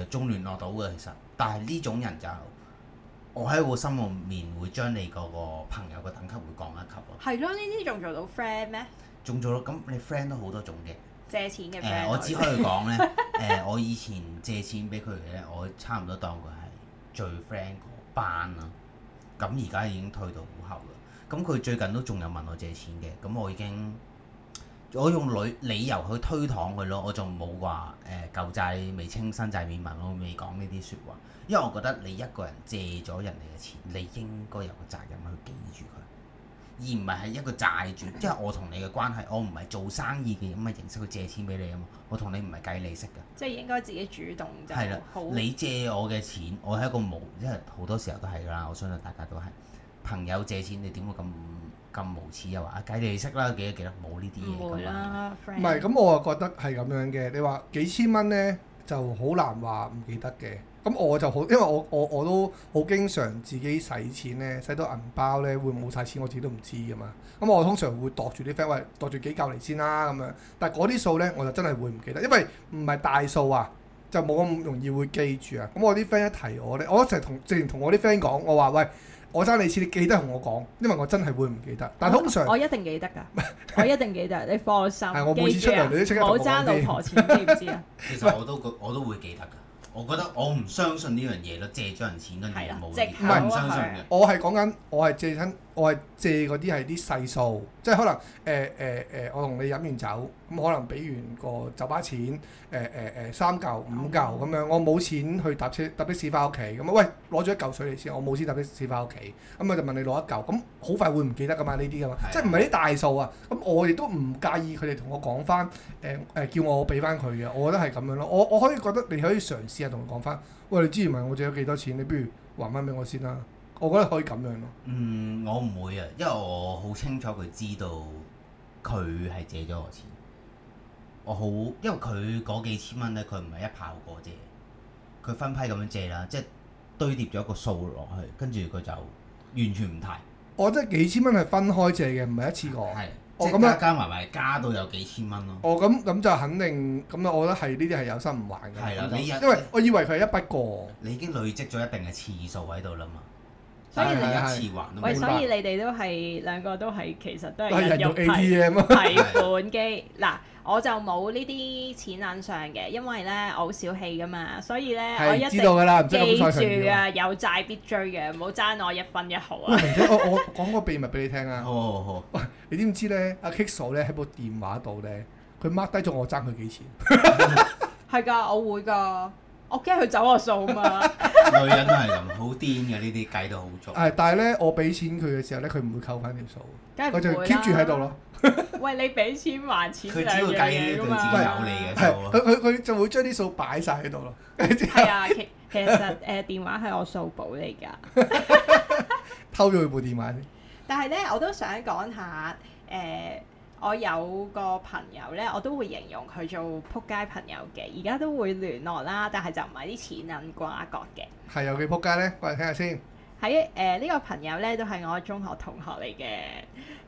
[SPEAKER 1] 誒，仲聯絡到嘅，其實，但係呢種人就。我喺我心入面會將你嗰個朋友嘅等級會降一級咯、啊。係咯，呢啲
[SPEAKER 3] 仲做到 friend 咩？
[SPEAKER 1] 仲做咯，咁你 friend 都好多種嘅。
[SPEAKER 3] 借錢嘅誒、呃，我只可以講呢、 <laughs> 呃。
[SPEAKER 1] 我以前借錢俾佢嘅，我差唔多當佢係最 friend 嗰班啦。咁而家已經退到好後啦。咁佢最近都仲有問我借錢嘅，咁我已經我用理理由去推搪佢咯。我仲冇話誒舊債未清新，新債免問。我未講呢啲説話。因為我覺得你一個人借咗人哋嘅錢，你應該有個責任去記住佢，而唔係係一個債主。即係我同你嘅關係，我唔係做生意嘅咁嘅形式去借錢俾你啊嘛。我同你唔係計利息㗎。即
[SPEAKER 3] 係應該自己主動就係啦。你
[SPEAKER 1] 借我嘅錢，我係一個無即係好多時候都係㗎啦。我相信大家都係朋友借錢，你點會咁咁無恥又話、啊、計利息啦？記得記得，冇呢啲嘢㗎嘛。啦，唔
[SPEAKER 3] 係咁，樣 friend. 我
[SPEAKER 2] 啊覺得係咁樣嘅。你話幾千蚊呢，就好難話唔記得嘅。咁、嗯、我就好，因為我我我都好經常自己使錢咧，使到銀包咧會冇晒錢，我自己都唔知噶嘛。咁、嗯、我通常會度住啲 friend，喂，度住幾嚿嚟先啦咁樣。但係嗰啲數咧，我就真係會唔記得，因為唔係大數啊，就冇咁容易會記住啊。咁、嗯、我啲 friend 一提我咧，我一齊同之前同我啲 friend 講，我話喂，我爭你錢，你記得同我講，因為我真
[SPEAKER 1] 係會唔記得。但通常我
[SPEAKER 3] 一定記得㗎，我一定記得， <laughs> 定記得，你放心。係、 <laughs> 嗯、我每次出嚟，你、啊、都即刻講我知。我爭老婆錢，你知
[SPEAKER 1] 唔知啊？ <laughs> 其實我都我都會記得㗎。 <laughs> 我覺得我唔相信呢樣嘢咯，借咗人錢跟住冇，
[SPEAKER 3] 唔係唔相信
[SPEAKER 1] 嘅。
[SPEAKER 2] 我係講緊，我係借親。我係借嗰啲係啲細數，即係可能誒誒誒，我同你飲完酒，咁可能俾完個酒吧錢，誒誒誒三嚿五嚿咁樣，我冇錢去搭車搭的士翻屋企，咁啊喂，攞咗一嚿水嚟先，我冇錢搭的士翻屋企，咁我就問你攞一嚿，咁好快會唔記得噶嘛？呢啲噶嘛，即係唔係啲大數啊？咁我亦都唔介意佢哋同我講翻，誒誒叫我俾翻佢嘅，我覺得係咁樣咯。我我可以覺得你可以嘗試下同佢講翻，喂，你之前問我借咗幾多錢，你不如還翻俾我先啦。我覺得可以咁樣咯。嗯，
[SPEAKER 1] 我唔會啊，因為我好清楚佢知道佢係借咗我錢。我好，因為佢嗰幾千蚊咧，佢唔係一炮過借，佢分批咁樣借啦，即係堆疊咗一個數落去，跟住佢就完全唔提。我即係幾千蚊係分開借嘅，唔係一次過。係即係加加埋埋加到有幾千蚊咯。我哦，咁咁
[SPEAKER 2] 就肯定咁啊！我覺得係呢啲係有心
[SPEAKER 1] 唔還嘅。係啦，你因為我以為佢係一筆過。你已經累積咗一定嘅次數喺度啦嘛。所以你嘅磁環，喂，所以
[SPEAKER 3] 你哋都係兩個都係其實都係用 ATM 提款機。嗱，我就冇呢啲錢銀上嘅，因為咧我好小氣噶嘛，所以咧我一定記住啊，有債必追嘅，唔好爭我一分一毫
[SPEAKER 2] 啊！我我講個秘密俾你聽啊！好好好！喂，你知唔知咧？阿 Kiso 咧喺部電話度咧，佢 mark 低咗我爭佢幾錢？
[SPEAKER 3] 係㗎，我會㗎。我驚佢走我數
[SPEAKER 1] 嘛， <laughs> 女人都係咁，好癲嘅呢啲計到好早，
[SPEAKER 2] 係，但係咧我俾錢佢嘅時候咧，佢唔會扣翻條數，佢、啊、就 keep 住喺度咯。
[SPEAKER 3] <laughs> 喂，你俾錢還錢，佢只要計呢對錢有你嘅
[SPEAKER 2] 佢佢佢就會將啲數擺晒喺度咯。
[SPEAKER 3] 係啊，其 <laughs> <laughs> 其實誒、呃，電話係我數簿嚟噶， <laughs> <laughs> 偷咗佢部電話先。但係咧，我都想講下誒。呃我有個朋友咧，我都會形容佢做仆街朋友嘅，而家都會聯絡啦，但係就唔係啲錢銀瓜葛嘅。
[SPEAKER 2] 係有幾仆街咧？過嚟睇下先。
[SPEAKER 3] 喺誒呢個朋友咧，都係我中學同學嚟嘅。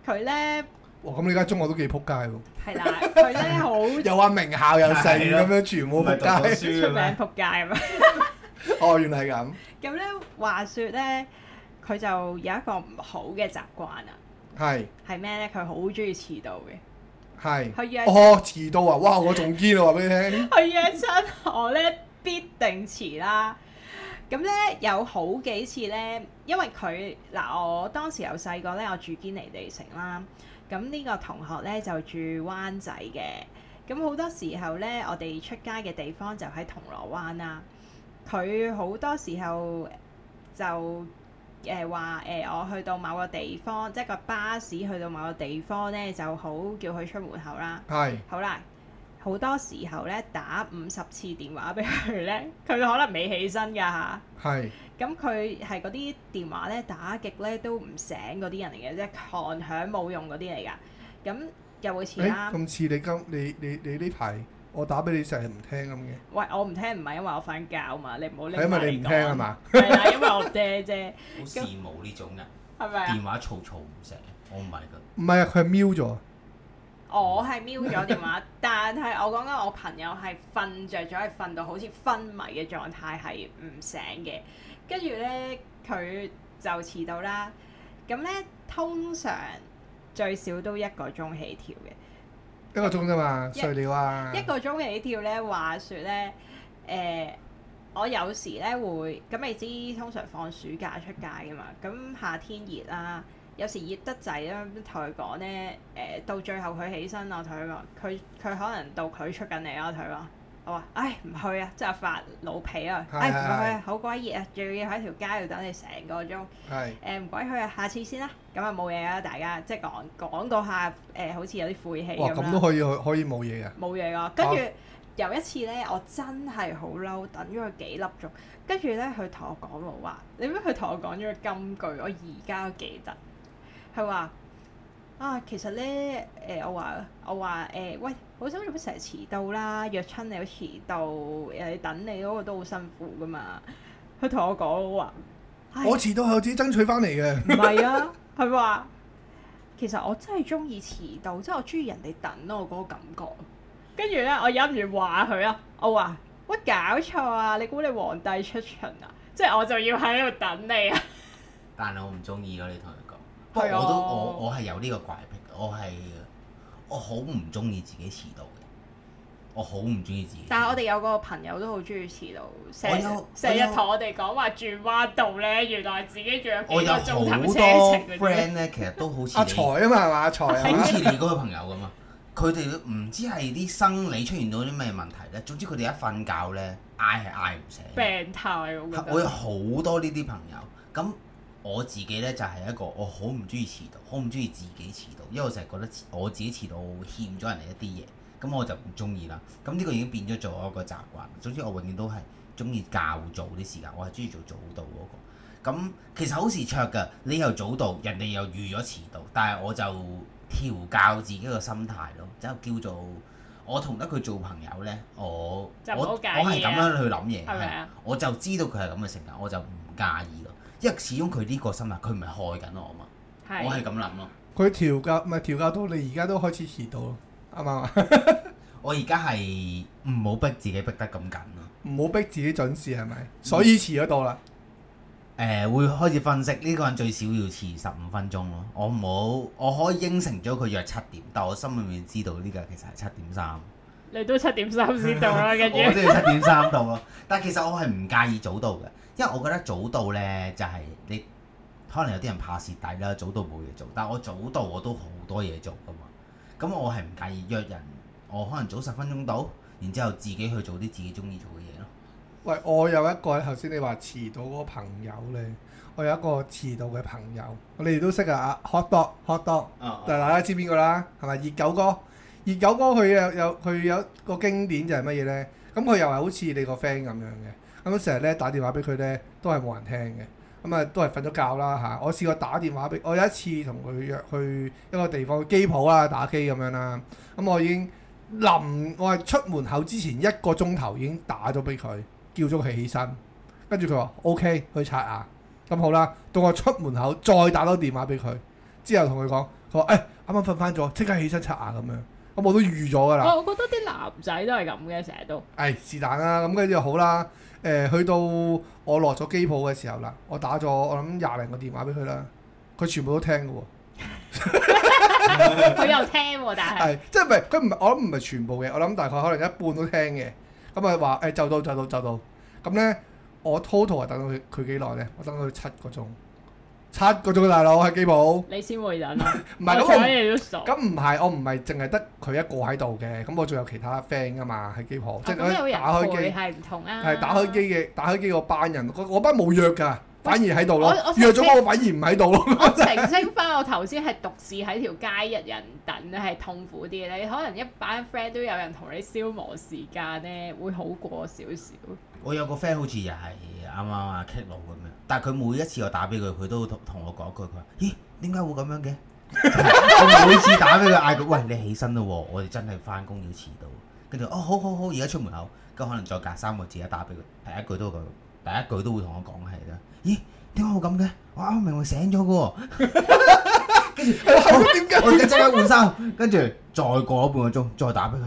[SPEAKER 3] 佢咧，
[SPEAKER 2] 咁你家中學都幾仆街喎？係
[SPEAKER 3] 啦，佢咧好
[SPEAKER 2] 又話名校又剩咁樣，全部咪讀書出名
[SPEAKER 3] 仆街咁啊！ <laughs> 哦，原來係咁。咁咧 <laughs> 話説咧，佢就有一個唔好嘅習慣啊。係係咩咧？佢好中意遲到
[SPEAKER 2] 嘅。係佢是約哦，遲到啊！哇，我仲堅， <laughs> 我話俾你聽。佢
[SPEAKER 3] 約上我咧，必定遲啦。咁咧有好幾次咧，因為佢嗱、呃，我當時又細個咧，我住堅尼地城啦。咁呢個同學咧就住灣仔嘅。咁好多時候咧，我哋出街嘅地方就喺銅鑼灣啦。佢好多時候就～誒話誒，我去到某個地方，即係個巴士去到某個地方呢，就好叫佢出門口啦。係是，好啦，好多時候呢，打五十次電話俾佢呢，佢可能未起身㗎嚇。係、啊，咁佢係嗰啲電話呢，打極呢都唔醒嗰啲人嚟嘅，即係，看響冇用嗰啲嚟㗎。咁又會遲啦。咁
[SPEAKER 2] 似、欸、你今你你你呢排？我打俾你成日唔聽咁嘅。
[SPEAKER 3] 喂，我唔聽唔係因為我瞓覺嘛，你唔好理。係因為你唔聽係嘛？係啦，因為我嗲啫。好
[SPEAKER 1] 羨慕呢種人，係咪啊？電話嘈嘈唔醒，我唔係
[SPEAKER 2] 噶。唔係啊，佢係瞄咗。
[SPEAKER 3] 我係瞄咗電話，但係我講緊我朋友係瞓着咗，係瞓到好似昏迷嘅狀態，係唔醒嘅。跟住咧，佢就遲到啦。咁咧，通常最少都一個鐘起跳嘅。
[SPEAKER 2] 一個鐘啫嘛，碎料啊！
[SPEAKER 1] 一個
[SPEAKER 3] 鐘起跳咧，話說咧，誒、呃，我有時咧會，咁你知通常放暑假出街㗎嘛？咁夏天熱啦、啊，有時熱得滯啦，同佢講咧，誒、呃，到最後佢起身啊，我同佢講，佢佢可能到佢出緊嚟啊，我同佢講，我話，唉，唔去啊，真係發老脾啊，的唉，唔去，啊，好鬼熱啊，仲要喺條街度等你成個鐘，誒的，唔鬼、呃、去啊，下次先啦。咁啊冇嘢啦，大家即係講講下誒、呃，好似有啲晦氣咁都可以去可，
[SPEAKER 2] 可以冇嘢嘅。
[SPEAKER 3] 冇嘢咯。跟住、啊、有一次咧，我真係好嬲，等咗佢幾粒鐘。呢跟住咧，佢同我講話，你咩？佢同我講咗金句，我而家都記得。佢話啊，其實咧誒、呃，我話我話誒，喂、呃，好心你咪成日遲到啦？約親你又遲到，誒等你嗰個都好辛苦㗎嘛。佢同我講話，我，我遲到
[SPEAKER 2] 係我自己爭取翻嚟嘅。唔係啊。
[SPEAKER 3] <laughs> 佢話：其實我真係中意遲到，即係我中意人哋等我嗰個感覺。跟住咧，我忍唔住話佢啊！我話：我搞錯啊！你估你皇帝出巡啊？即係我就要喺度等你啊！
[SPEAKER 1] 但係我唔中意咯，你同佢講。 <laughs> 不過我都我我係有呢個怪癖，我係我好唔中意自己遲到嘅。我好唔中意自
[SPEAKER 3] 己。但係我哋有個朋友都好中意遲到，
[SPEAKER 1] 成日同我哋講話轉彎道呢，原來自己著幾個鐘頭車程。我有好多 friend 呢，其實都好似阿、 <laughs> 啊、財啊嘛，係嘛，財啊，好似你嗰個朋友咁啊。佢哋唔知係啲生理出現到啲咩問題呢。總之佢哋一瞓覺呢，嗌係嗌唔醒。
[SPEAKER 3] 病態，我，我有
[SPEAKER 1] 好多呢啲朋友，咁我自己呢，就係、是、一個我好唔中意遲到，好唔中意自己遲到，因為我成日覺得我自己遲到會欠咗人哋一啲嘢。咁我就唔中意啦。咁呢個已經變咗做一個習慣。總之我永遠都係中意較早啲時間，我係中意做早到嗰個。咁其實好時卓㗎，你又早到，人哋又預咗遲到，但係我就調教自己個心態咯，就叫做我同得佢做朋友呢。我我我係咁樣去諗嘢的，我就知道佢係咁嘅性格，我就唔介意咯，因為始終佢呢個心態，佢唔係害緊我嘛。的我係咁諗咯。
[SPEAKER 2] 佢調教唔係調教到你而家都開始遲到咯？啱
[SPEAKER 1] 啊！對 <laughs> 我而家係唔好逼自己逼得咁緊咯。
[SPEAKER 2] 唔好逼自己準時係咪？所以
[SPEAKER 1] 遲咗到啦。誒、呃，會開始分析呢、這個人最少要遲十五分鐘咯。我唔好，我可以應承咗佢約七點，但我心裏面知道呢個其實係七點三。
[SPEAKER 3] 你都七點三先到啦，跟住 <laughs> 我都要七點三
[SPEAKER 1] 到咯。 <laughs> 但係其實我係唔介意早到嘅，因為我覺得早到呢，就係、是、你可能有啲人怕蝕底啦，早到冇嘢做。但係我早到我都好多嘢做咁我係唔介意約人，我可能早十分鐘到，然之後自己去做啲自己中意做嘅嘢咯。
[SPEAKER 2] 喂，我有一個頭先你話遲到嗰個朋友咧，我有一個遲到嘅朋友，我哋都識啊，hot dog hot dog，但係大家知邊個啦，係咪熱狗哥？熱狗哥佢又又佢有，有，有個經典就係乜嘢咧？咁佢又係好似你個 friend 咁樣嘅，咁成日咧打電話俾佢咧都係冇人聽嘅。咁啊、嗯，都係瞓咗覺啦嚇、啊！我試過打電話俾我有一次同佢約去一個地方機鋪啦，打機咁樣啦。咁、嗯、我已經臨我係出門口之前一個鐘頭已經打咗俾佢，叫咗佢起身。跟住佢話 OK，去刷牙。咁、嗯、好啦，到我出門口再打多電話俾佢，之後同佢講，佢話誒啱啱瞓翻咗，即、欸、刻起身刷牙咁樣。咁、嗯嗯、我都預咗㗎啦。我
[SPEAKER 3] 覺得啲男仔都係咁嘅，成日都
[SPEAKER 2] 係是但啦。咁跟住就好啦。誒、呃、去到我落咗機鋪嘅時候啦，我打咗我諗廿零個電話俾佢啦，佢全部都聽㗎
[SPEAKER 3] 喎，佢又聽喎，但係
[SPEAKER 2] 即係唔係佢，唔係我諗，唔係全部嘅，我諗大概可能一半都聽嘅，咁咪話誒就到就到就到，咁咧我 total 係等到佢佢幾耐咧？我等到佢七個鐘。七個鐘大佬係機鋪，
[SPEAKER 3] 你先會忍，啊，唔 <laughs> 是我睇你都
[SPEAKER 2] 傻咁唔係，我唔係淨係得佢一個喺度嘅，咁我仲有其他 friend 噶嘛？係機鋪，啊、即係打開機。係
[SPEAKER 3] 唔同啊！係打開
[SPEAKER 2] 機嘅，打開機個班人，我班冇約㗎，是反而喺度咯。約咗我反而唔喺度咯。
[SPEAKER 3] 澄清返，我頭先係獨自喺條街一人等係痛苦啲咧，可能一班 friend 都有人同你消磨時間咧，會好過少少。
[SPEAKER 1] 我有個 friend 好似又係啱啱阿 k i l 咁樣，但係佢每一次我打俾佢，佢都同同我講一句，佢話：咦，點解會咁樣嘅？
[SPEAKER 3] <laughs> 我每次
[SPEAKER 1] 打俾佢嗌佢，喂，你起身啦，我哋真係翻工要遲到。跟住哦，好好好，而家出門口，咁可能再隔三個字打一打俾佢，第一句都會，第一句都會同我講係啦。咦，點解會咁嘅？我啱啱明明醒咗嘅喎。跟住點解？ <laughs> 我而家即刻換衫，跟住再過半個鐘再打俾佢，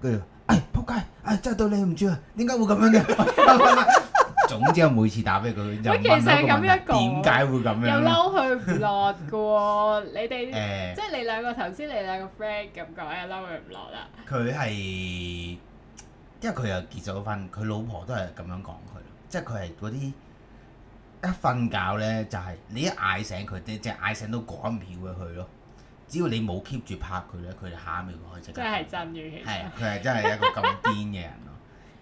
[SPEAKER 1] 跟住。哎，仆街！哎，真係對你唔住啊！點解會咁樣嘅？總之我每次打俾佢，就問咗個問題。佢其實係咁樣講。點解會咁樣？又嬲
[SPEAKER 3] 佢唔落㗎喎，你哋誒，即係你兩個頭先，你兩個 friend 咁講，又嬲佢唔落啦。
[SPEAKER 1] 佢係因為佢又結咗婚，佢老婆都係咁樣講佢咯，即係佢係嗰啲一瞓覺咧，就係你一嗌醒佢，即係嗌醒都趕唔到佢去咯。只要你冇 keep 住拍佢咧，佢哋下一秒佢可以即係真嘅，
[SPEAKER 3] 係佢係
[SPEAKER 1] 真係一個咁癲嘅人咯。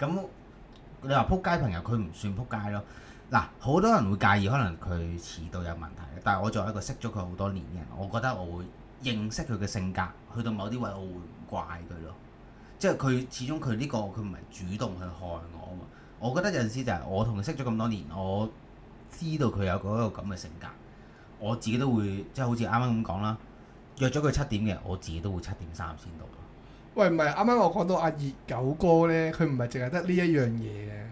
[SPEAKER 1] 咁你話撲街朋友，佢唔算撲街咯。嗱，好多人會介意，可能佢遲到有問題。但係我作為一個識咗佢好多年嘅人，我覺得我會認識佢嘅性格，去到某啲位，我會唔怪佢咯。即係佢始終佢呢個佢唔係主動去害我啊嘛。我覺得有陣時就係我同佢識咗咁多年，我知道佢有嗰個咁嘅性格，我自己都會即係好似啱啱咁講啦。約咗佢七點嘅，我自己都會七點三先到。
[SPEAKER 2] 喂，唔係，啱啱我講到阿、啊、二狗哥咧，佢唔係淨係得呢一樣嘢嘅，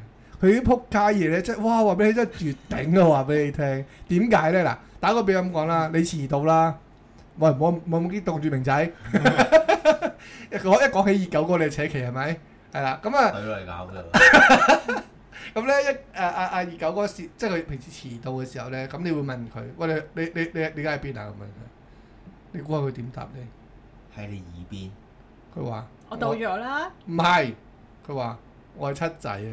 [SPEAKER 2] 佢啲仆街嘢咧，即係哇話俾你真係，絕頂啊！話俾你聽，點解咧？嗱，打個比咁講啦，你遲到啦，喂，冇冇冇激動住明仔，講 <laughs> 一講起二狗哥，你扯旗係咪？係啦，咁啊，咁咧一誒阿誒熱狗哥時，即係佢平時遲到嘅時候咧，咁你會問佢，喂你你你你而家喺邊啊？咁樣。你估下佢點答你？喺你耳邊，佢話說：
[SPEAKER 3] 我到咗啦！
[SPEAKER 2] 唔係，佢話我係七仔啊！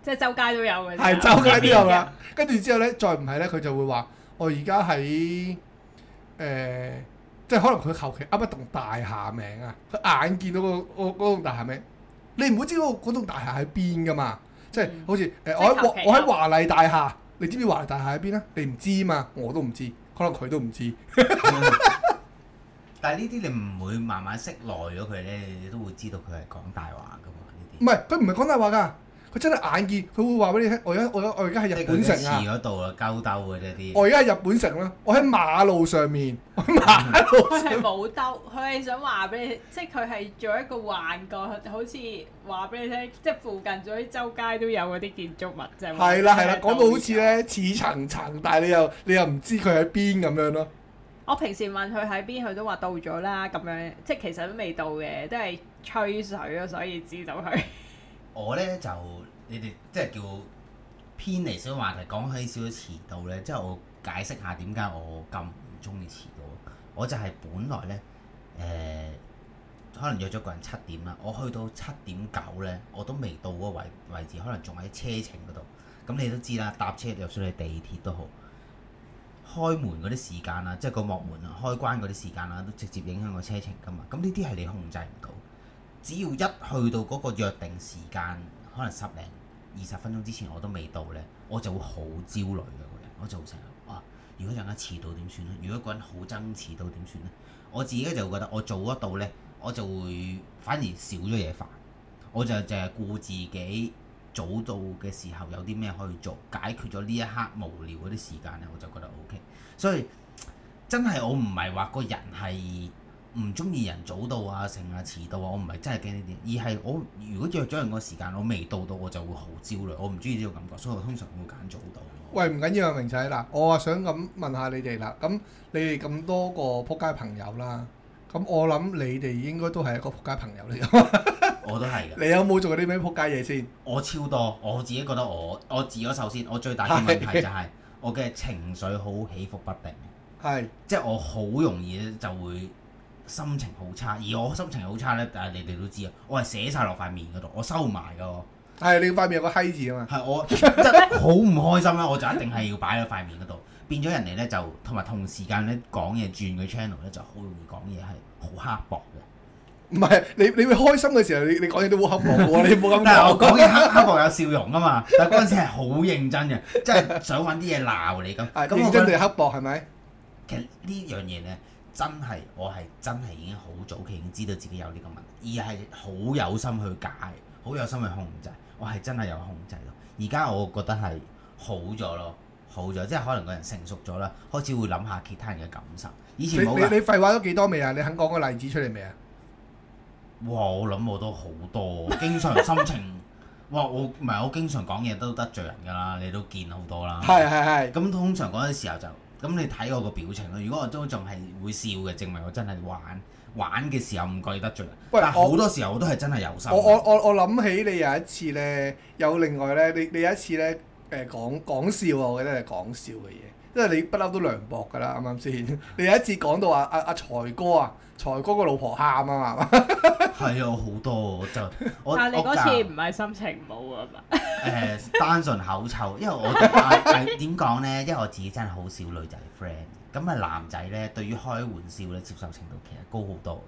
[SPEAKER 2] 即係周街都
[SPEAKER 3] 有嘅。係周街都有啦。
[SPEAKER 2] 跟住之後咧，再唔係咧，佢就會話：我而家喺誒，即係可能佢求其噏一棟大廈名啊，佢眼見到個個棟大廈名，你唔會知道嗰嗰棟大廈喺邊噶嘛？即係好似誒，我喺我喺華麗大廈，你知唔知華麗大廈喺邊啊？你唔知嘛？我都唔知。可能佢都唔知，嗯，
[SPEAKER 1] <laughs> 但係呢啲你唔會，慢慢識耐咗佢咧，你都會知道佢係講大話噶嘛。
[SPEAKER 2] 呢啲唔係，佢唔係講大話噶。佢真係眼見，佢會話俾你聽。我而家我而、啊、我而家喺日本城啊！我
[SPEAKER 1] 而家
[SPEAKER 2] 喺日本城啦，我喺馬路上面。
[SPEAKER 3] 嗯、馬路上佢係冇兜，佢係想話俾你，即係佢係做一個幻覺，好似話俾你聽，即係附近啲周街都有嗰啲建築物。即係係啦係啦，
[SPEAKER 2] 講到、啊啊、好似咧似層層，但係你又你又唔知佢喺邊咁樣咯。
[SPEAKER 3] 我平時問佢喺邊，佢都話到咗啦。咁樣即係其實都未到嘅，都係吹水咯。所以知道佢。
[SPEAKER 1] 我呢就你哋即係叫偏離少少話題，講起少少遲到呢，即係我解釋下點解我咁唔中意遲到。我就係本來呢，誒，呃，可能約咗個人七點啦，我去到七點九呢，我都未到嗰位位置，可能仲喺車程嗰度。咁你都知啦，搭車就算係地鐵都好，開門嗰啲時間啊，即係個幕門啊，開關嗰啲時間啊，都直接影響個車程㗎嘛。咁呢啲係你控制唔到。只要一去到嗰個約定時間，可能十零二十分鐘之前我都未到呢，我就會好焦慮嘅個人，我就成日話、啊：如果陣間遲到點算咧？如果個人好憎遲到點算咧？我自己就覺得我做得到呢，我就會反而少咗嘢煩，我就淨係顧自己早到嘅時候有啲咩可以做，解決咗呢一刻無聊嗰啲時間呢，我就覺得 OK。所以真係我唔係話個人係。唔中意人早到啊，成日、啊、遲到啊，我唔係真係驚呢啲，而係我如果約咗人個時間，我未到到我就會好焦慮，我唔中意呢個感覺，所以我通常會揀早
[SPEAKER 2] 到。喂，唔緊要啊，明仔嗱，我啊想咁問下你哋啦，咁你哋咁多個仆街朋友啦，咁我諗你哋應該都係一個仆街朋友嚟嘅，
[SPEAKER 1] <laughs> 我都係。你有冇做過啲咩仆街嘢先？我超多，我自己覺得我，我自我首先我最大嘅問題就係我嘅情緒好起伏不定，係的，即係我好容易就會。心情好差，而我心情好差咧，但係你哋都知啊，我係寫晒落塊面嗰度，我收埋噶。
[SPEAKER 2] 係的，你塊面有個閪字啊嘛。係我 <laughs> 真係
[SPEAKER 1] 好唔開心咧，我就一定係要擺喺塊面嗰度，變咗人哋咧就同埋同時間咧講嘢轉個 channel 咧就好容易講嘢係好刻薄嘅。唔
[SPEAKER 2] 係，你你會開心
[SPEAKER 1] 嘅時候，你你講嘢都好刻薄嘅喎， <laughs> 你冇咁。 <laughs> 但我講嘢刻刻薄有笑容啊嘛，但嗰陣時係好認真嘅，即係想揾啲嘢鬧你咁。係， <laughs> 認真就刻薄係咪？是是其實樣呢樣嘢咧。真係我係真係已經好早期已經知道自己有呢個問題，而係好有心去解，好有心去控制。我係真係有控制到。而家我覺得係好咗咯，好咗，即係可能個人成熟咗啦，開始會諗下其他人嘅感受。以前冇你你，你
[SPEAKER 2] 廢話咗幾多未啊？你肯講個例子出嚟未啊？
[SPEAKER 1] 哇！我諗我都好多，經常心情 <laughs> 哇！我唔係我經常講嘢都得罪人噶啦，你都見好多啦。係係係。咁通常講嘅時候就。咁你睇我個表情咯，如果我都仲係會笑嘅，證明我真係玩玩嘅時候唔覺得罪。喂但好多時候我，我都係真係有心我。我我
[SPEAKER 2] 我我諗起你有一次呢，有另外呢，你你有一次呢，誒、呃、講講笑啊，我覺得係講笑嘅嘢。因為你不嬲都涼薄㗎啦，啱啱先？你有一次講到話阿阿財哥啊，財哥個老婆喊啊嘛，
[SPEAKER 1] 係 <laughs> 啊，好多真。就我 <laughs> 但係你嗰次
[SPEAKER 3] 唔係心情唔
[SPEAKER 1] 好啊嘛？誒、 <laughs> 呃，單純口臭，因為我點講咧？因為我自己真係好少女仔 friend，咁啊男仔咧，對於開玩笑咧，接受程度其實高好多，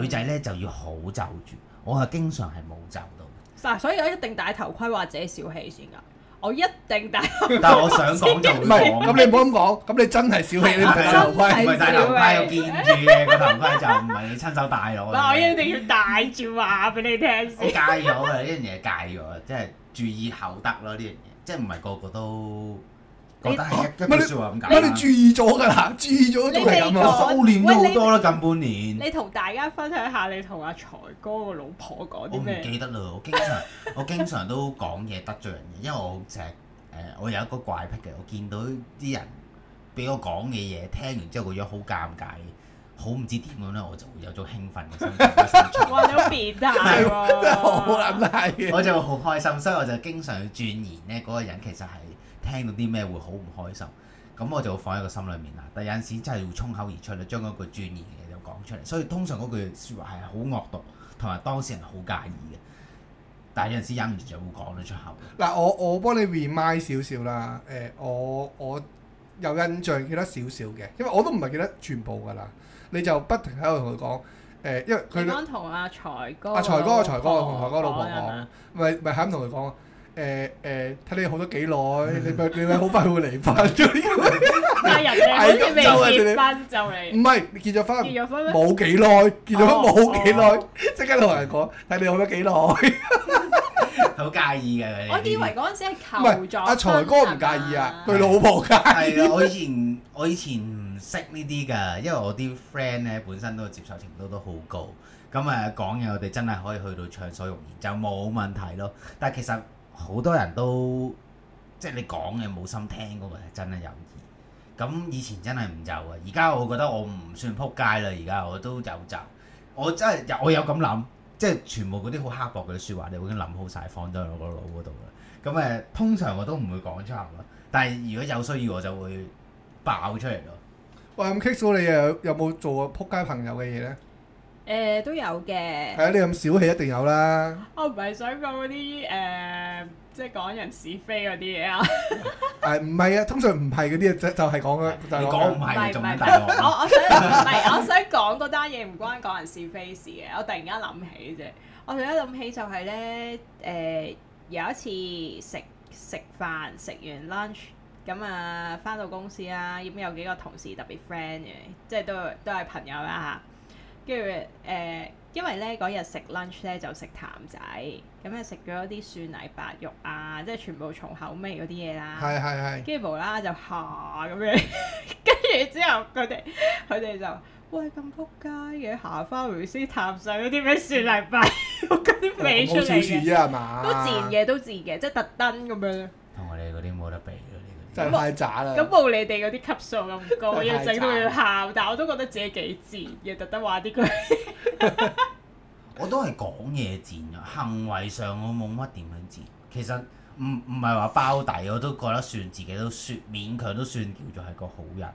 [SPEAKER 1] 女仔咧就要好就住，我係經常係冇就到。
[SPEAKER 3] 嗱、嗯啊，所以我一定戴頭盔或者小氣先㗎。我一定戴，
[SPEAKER 1] 但係我想講就唔係，咁你唔好咁講，咁你真係小氣啲頭盔，唔係戴頭盔我堅持嘅，個頭盔就唔係你親手戴咯。我一定
[SPEAKER 3] 要戴住話俾你聽先。戒咗
[SPEAKER 1] 啊！呢樣嘢戒咗啊，即係注意厚德咯。呢樣嘢即係唔係個個都。你唔係你注
[SPEAKER 3] 意咗㗎啦，注意咗都係咁樣啊，我修煉咗好
[SPEAKER 1] 多啦，近半年。你
[SPEAKER 3] 同大家分享下你同阿財哥個老婆講啲咩？我唔記
[SPEAKER 1] 得咯，我經常 <laughs> 我經常都講嘢得罪人嘅，因為我成日，誒，我有一個怪癖嘅，我見到啲人俾我講嘅嘢，聽完之後個樣好尷尬，好唔知點樣咧，我就會有種興奮嘅
[SPEAKER 3] 心情。話咗
[SPEAKER 1] 別㗎，係喎，變態啊、 <laughs> 好撚係。 <laughs> 我就好開心，所以我就經常轉言咧，嗰個人其實係。聽到啲咩會好唔開心，咁我就會放喺個心裏面啦。但有陣時真係要衝口而出啦，將嗰句轉移嘅嘢講出嚟。所以通常嗰句説話係好惡毒，同埋當事人好介意嘅。但有陣時忍唔住就會講得出口。
[SPEAKER 2] 嗱，我我幫你 remind 少少啦。誒、呃，我我有印象記得少少嘅，因為我都唔係記得全部噶啦。你就不停喺度同佢講，誒、呃，因為佢剛
[SPEAKER 3] 同阿財哥，阿財哥阿財哥同財哥老婆講，
[SPEAKER 2] 咪咪係同佢講。誒誒，睇你好咗幾耐，你咪你咪好快會離婚。
[SPEAKER 3] 但係人哋好似未結婚就嚟，唔係你結咗婚，結咗婚冇幾
[SPEAKER 2] 耐，結咗婚冇幾耐，即刻同人講，
[SPEAKER 1] 睇你好咗幾耐，好介意㗎嗰啲，我以為
[SPEAKER 3] 嗰陣時係求助阿財
[SPEAKER 1] 哥唔介意啊，佢老婆介。係啊，我以前我以前唔識呢啲㗎，因為我啲 friend 咧本身都接受程度都好高，咁誒講嘢我哋真係可以去到暢所欲言就冇問題咯。但係其實。好多人都即係你講嘅冇心聽嗰、嗰個係真係有意，咁以前真係唔就啊，而家我覺得我唔算撲街啦，而家我都有就，我真係我有咁諗，即係全部嗰啲好刻薄嘅説話，我已經諗好晒，放咗落個腦嗰度啦。咁誒，通常我都唔會講出口咯，但係如果有需要我就會爆出嚟咯。喂，
[SPEAKER 2] 咁、嗯、Kisso 你有有冇做過撲街朋友嘅嘢呢？
[SPEAKER 3] 誒，都有嘅。係啊，你咁
[SPEAKER 2] 小氣，一定有啦。
[SPEAKER 3] 我唔係想講嗰啲誒，即係講人是非嗰啲嘢啊。唔
[SPEAKER 2] 係啊，通常唔係嗰啲啊，就就係講啊，就講唔係咁。唔係唔
[SPEAKER 3] 係，我我想唔係，我想講嗰單嘢唔關講人是非事嘅。我突然間諗起啫，我突然間諗起就係咧，誒有一次食食飯食完 lunch，咁啊返到公司啦，咁有幾個同事特別 friend 嘅，即係都都係朋友啦吓。跟住誒，因為咧嗰日食 lunch 咧就食譚仔，咁啊食咗啲蒜泥白肉啊，即係全部重口味嗰啲嘢啦。係係係。跟住無啦就下咁樣，跟住之後佢哋佢哋就喂咁仆街嘅下翻回師譚晒嗰啲咩蒜泥白肉嗰啲 <laughs> 味出嚟，嗯啊、都
[SPEAKER 2] 自
[SPEAKER 1] 然
[SPEAKER 3] 嘅，都自然嘅，即係特登咁樣。
[SPEAKER 1] 真係太渣啦！咁
[SPEAKER 3] 冇你哋嗰啲級數咁高，要整到要喊，但係我都覺得自己幾賤，要特登話啲句。
[SPEAKER 1] <laughs> <laughs> 我都係講嘢賤㗎，行為上我冇乜點樣賤。其實唔唔係話包底，我都覺得算自己都算，勉強都算叫做係個好人。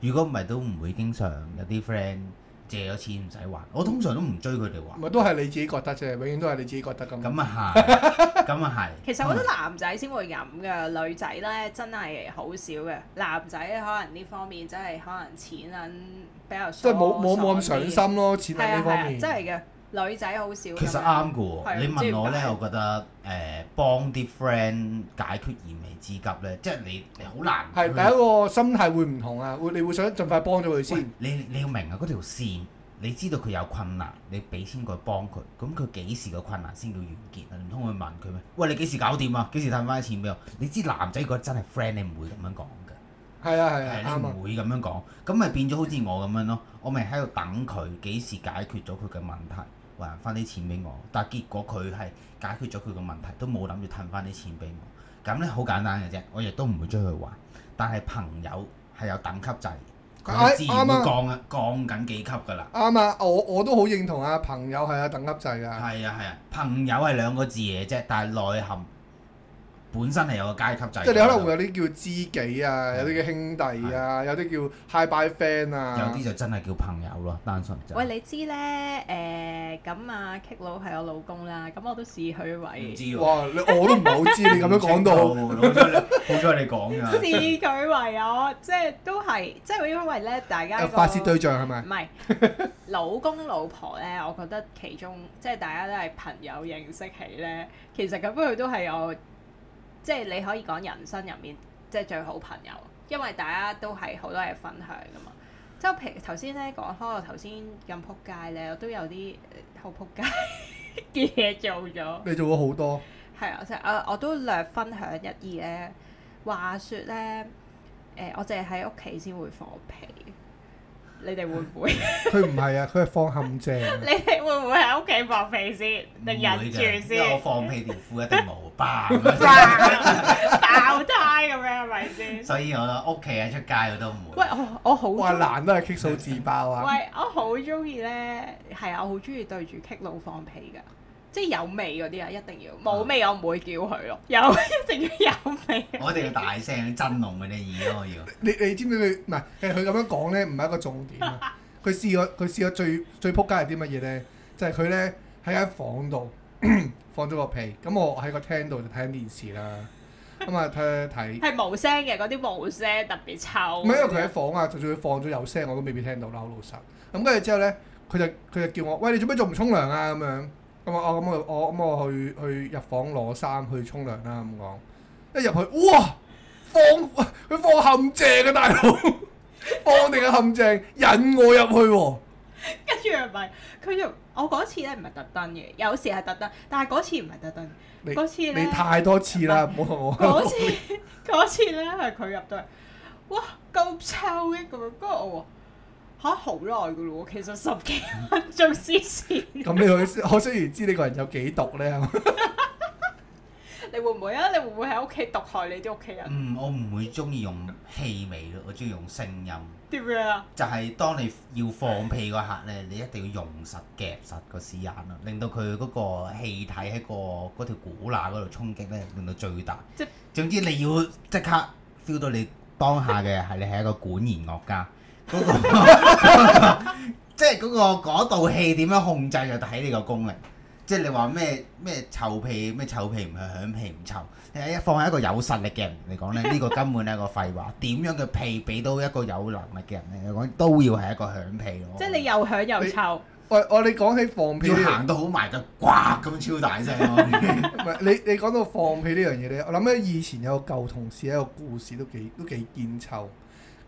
[SPEAKER 1] 如果唔係，都唔會經常有啲 friend。借咗錢唔使還，我通常都唔追佢哋
[SPEAKER 2] 還。咪都係你自己覺得啫，永遠都係你自己覺得咁。咁啊係，咁啊係。
[SPEAKER 3] <laughs> 其實我覺得男仔先會飲嘅，女仔咧真係好少嘅。男仔可能呢方面真係可能錢銀比較疏。即係冇冇冇咁上心咯，錢銀呢方面。係係係，真係嘅。女仔好少，其實
[SPEAKER 1] 啱㗎喎。是你問我咧，是我覺得誒、嗯、幫啲 friend 解決燃眉之急咧，即係你你好難。係第一個心態會唔同啊，會你會想盡快幫咗佢先。你你要明啊，嗰條線你知道佢有困難，你俾錢佢幫佢，咁佢幾時個困難先叫完結啊？唔通去問佢咩？喂，你幾時搞掂啊？幾時攤翻啲錢俾我？你知男仔覺得真係 friend，你唔會咁樣講㗎。係啊係係啊，你唔會咁樣講，咁咪、啊、對變咗好似我咁樣咯。我咪喺度等佢幾時解決咗佢嘅問題。還翻啲錢俾我，但係結果佢係解決咗佢個問題，都冇諗住褪翻啲錢俾我。咁呢好簡單嘅啫，我亦都唔會追佢還。但係朋友係有等級制，佢自然會降、哎、啊，降緊幾級㗎啦。
[SPEAKER 2] 啱啊，我我都好認同啊，朋友係有等級制㗎。係啊係啊，
[SPEAKER 1] 朋友係兩個字嘅啫，但係內涵。本身係有個階級制，即係你可能會
[SPEAKER 2] 有啲叫知己啊，嗯、有啲叫兄弟啊，的有啲叫 hi-bye friend 啊，有
[SPEAKER 1] 啲就真係叫朋友咯，單純就。喂，
[SPEAKER 3] 你知咧？誒、呃，咁啊 Kilo 係我老公啦，咁我都視佢為，知啊、哇！你我都唔係好知 <laughs> 你咁樣講到，好中意
[SPEAKER 1] 你講嘅。視
[SPEAKER 3] 佢為我，即、就、係、是、都係，即、就、係、是、因為咧，大家發泄對象係咪？唔 <laughs> 係老公老婆咧，我覺得其中即係、就是、大家都係朋友認識起咧，其實咁佢都係我。即係你可以講人生入面，即係最好朋友，因為大家都係好多嘢分享㗎嘛。即係我頭先咧講開，我頭先咁仆街咧，我都有啲好仆街嘅嘢做咗。你做咗好多？係啊，即係我我都略分享一二咧。話説咧，誒、呃，我淨係喺屋企先會放屁。你
[SPEAKER 1] 哋會唔會？佢唔係啊，
[SPEAKER 2] 佢係放冚遮。 <laughs> 你哋
[SPEAKER 3] 會唔會喺屋企放屁先？定忍住先？我放
[SPEAKER 1] 屁條褲一定冇爆，爆胎咁樣
[SPEAKER 3] 係咪先？所
[SPEAKER 1] 以我屋企啊，出街我都唔會。
[SPEAKER 3] 喂，我我好
[SPEAKER 1] 難都係揭數自爆啊。 <laughs> 喂，
[SPEAKER 3] 我好中意咧，係啊，我好中意對住棘佬放屁㗎。即係有味嗰啲啊，一定要冇味我唔會叫佢咯。啊、有一定要
[SPEAKER 1] 有味。我哋要大聲震聾嘅呢耳咯，要 <laughs> 。
[SPEAKER 2] 你你知唔知？唔係，佢佢咁樣講咧，唔係一個重點。佢 <laughs> 試咗佢試咗最最仆街係啲乜嘢咧？就係佢咧喺間房度 <coughs> 放咗個屁，咁我喺個廳度就睇緊電視啦，咁啊睇睇。係 <laughs> 無
[SPEAKER 3] 聲嘅嗰啲無聲特別臭。唔係因
[SPEAKER 2] 為佢喺房啊，就算佢放咗有聲，我都未必聽到啦，好老實。咁跟住之後咧，佢就佢就叫我，喂，你做咩仲唔沖涼啊？咁樣。咁、嗯、我咁我我咁我去去入房攞衫去沖涼啦咁講，一入去哇，放佢放陷阱嘅、啊、大佬，放定個陷阱 <laughs> 引我入去喎、啊。
[SPEAKER 3] 跟住又唔係，佢入我嗰次咧唔係特登嘅，有時係特登，但係嗰次唔係特登，你次你太
[SPEAKER 2] 多次啦，唔好同我講。嗰次
[SPEAKER 3] 嗰次咧係佢入到嚟，哇咁臭嘅咁樣搞我。嚇好耐噶咯，其實十幾分鐘試試。咁你可想
[SPEAKER 2] 而知呢個人
[SPEAKER 1] 有幾毒呢？
[SPEAKER 3] 你會唔會啊？你會唔會喺屋企毒害你啲屋企人？
[SPEAKER 1] 嗯，我唔會中意用氣味咯，我中意用聲音。
[SPEAKER 3] 點樣
[SPEAKER 1] 啊？就係當你要放屁嗰刻呢，你一定要用實夾實個屎眼咯，令到佢嗰個氣體喺個嗰條股罅嗰度衝擊呢，令到最大。即係總之，你要即刻 feel 到你當下嘅係你係一個管弦樂家。 <laughs> 嗰 <laughs> <laughs> 即係嗰度嗰道氣點樣控制就睇你個功力。即係你話咩咩臭屁咩臭屁，唔係響屁唔臭。你一放喺一個有實力嘅人嚟講咧，呢、呢個根本係一個廢話。點樣嘅屁俾到一個有能力嘅人嚟我講都要係一個響屁。即係
[SPEAKER 3] 你又響又臭。喂，我，我你講起放屁，要行到好埋就呱咁超大聲，啊。唔
[SPEAKER 2] <laughs> 你你講到放屁呢樣嘢咧，我諗起以前有個舊同事一個故事都幾都幾堅臭。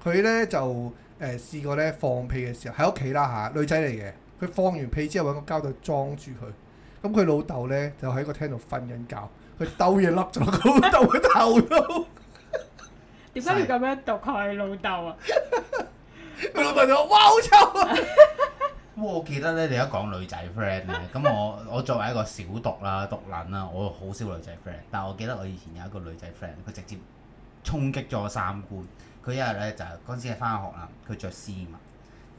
[SPEAKER 2] 佢咧就。誒試過咧放屁嘅時候喺屋企啦嚇，女仔嚟嘅，佢放完屁之後揾個膠袋裝住佢，咁佢老豆咧就喺個廳度瞓緊覺，佢竇嘢笠咗，佢老豆，個頭都
[SPEAKER 3] 點解要咁樣毒佢老豆啊？佢 <laughs> 老豆就哇好臭
[SPEAKER 1] 啊！哇， <laughs> 我記得咧，你一講女仔 friend 咧，咁我我作為一個小毒啦、啊，毒撚啦、啊，我好少女仔 friend，但係我記得我以前有一個女仔 friend，佢直接衝擊咗我三觀。佢一日咧就嗰、是、陣時係返學啦，佢着絲襪，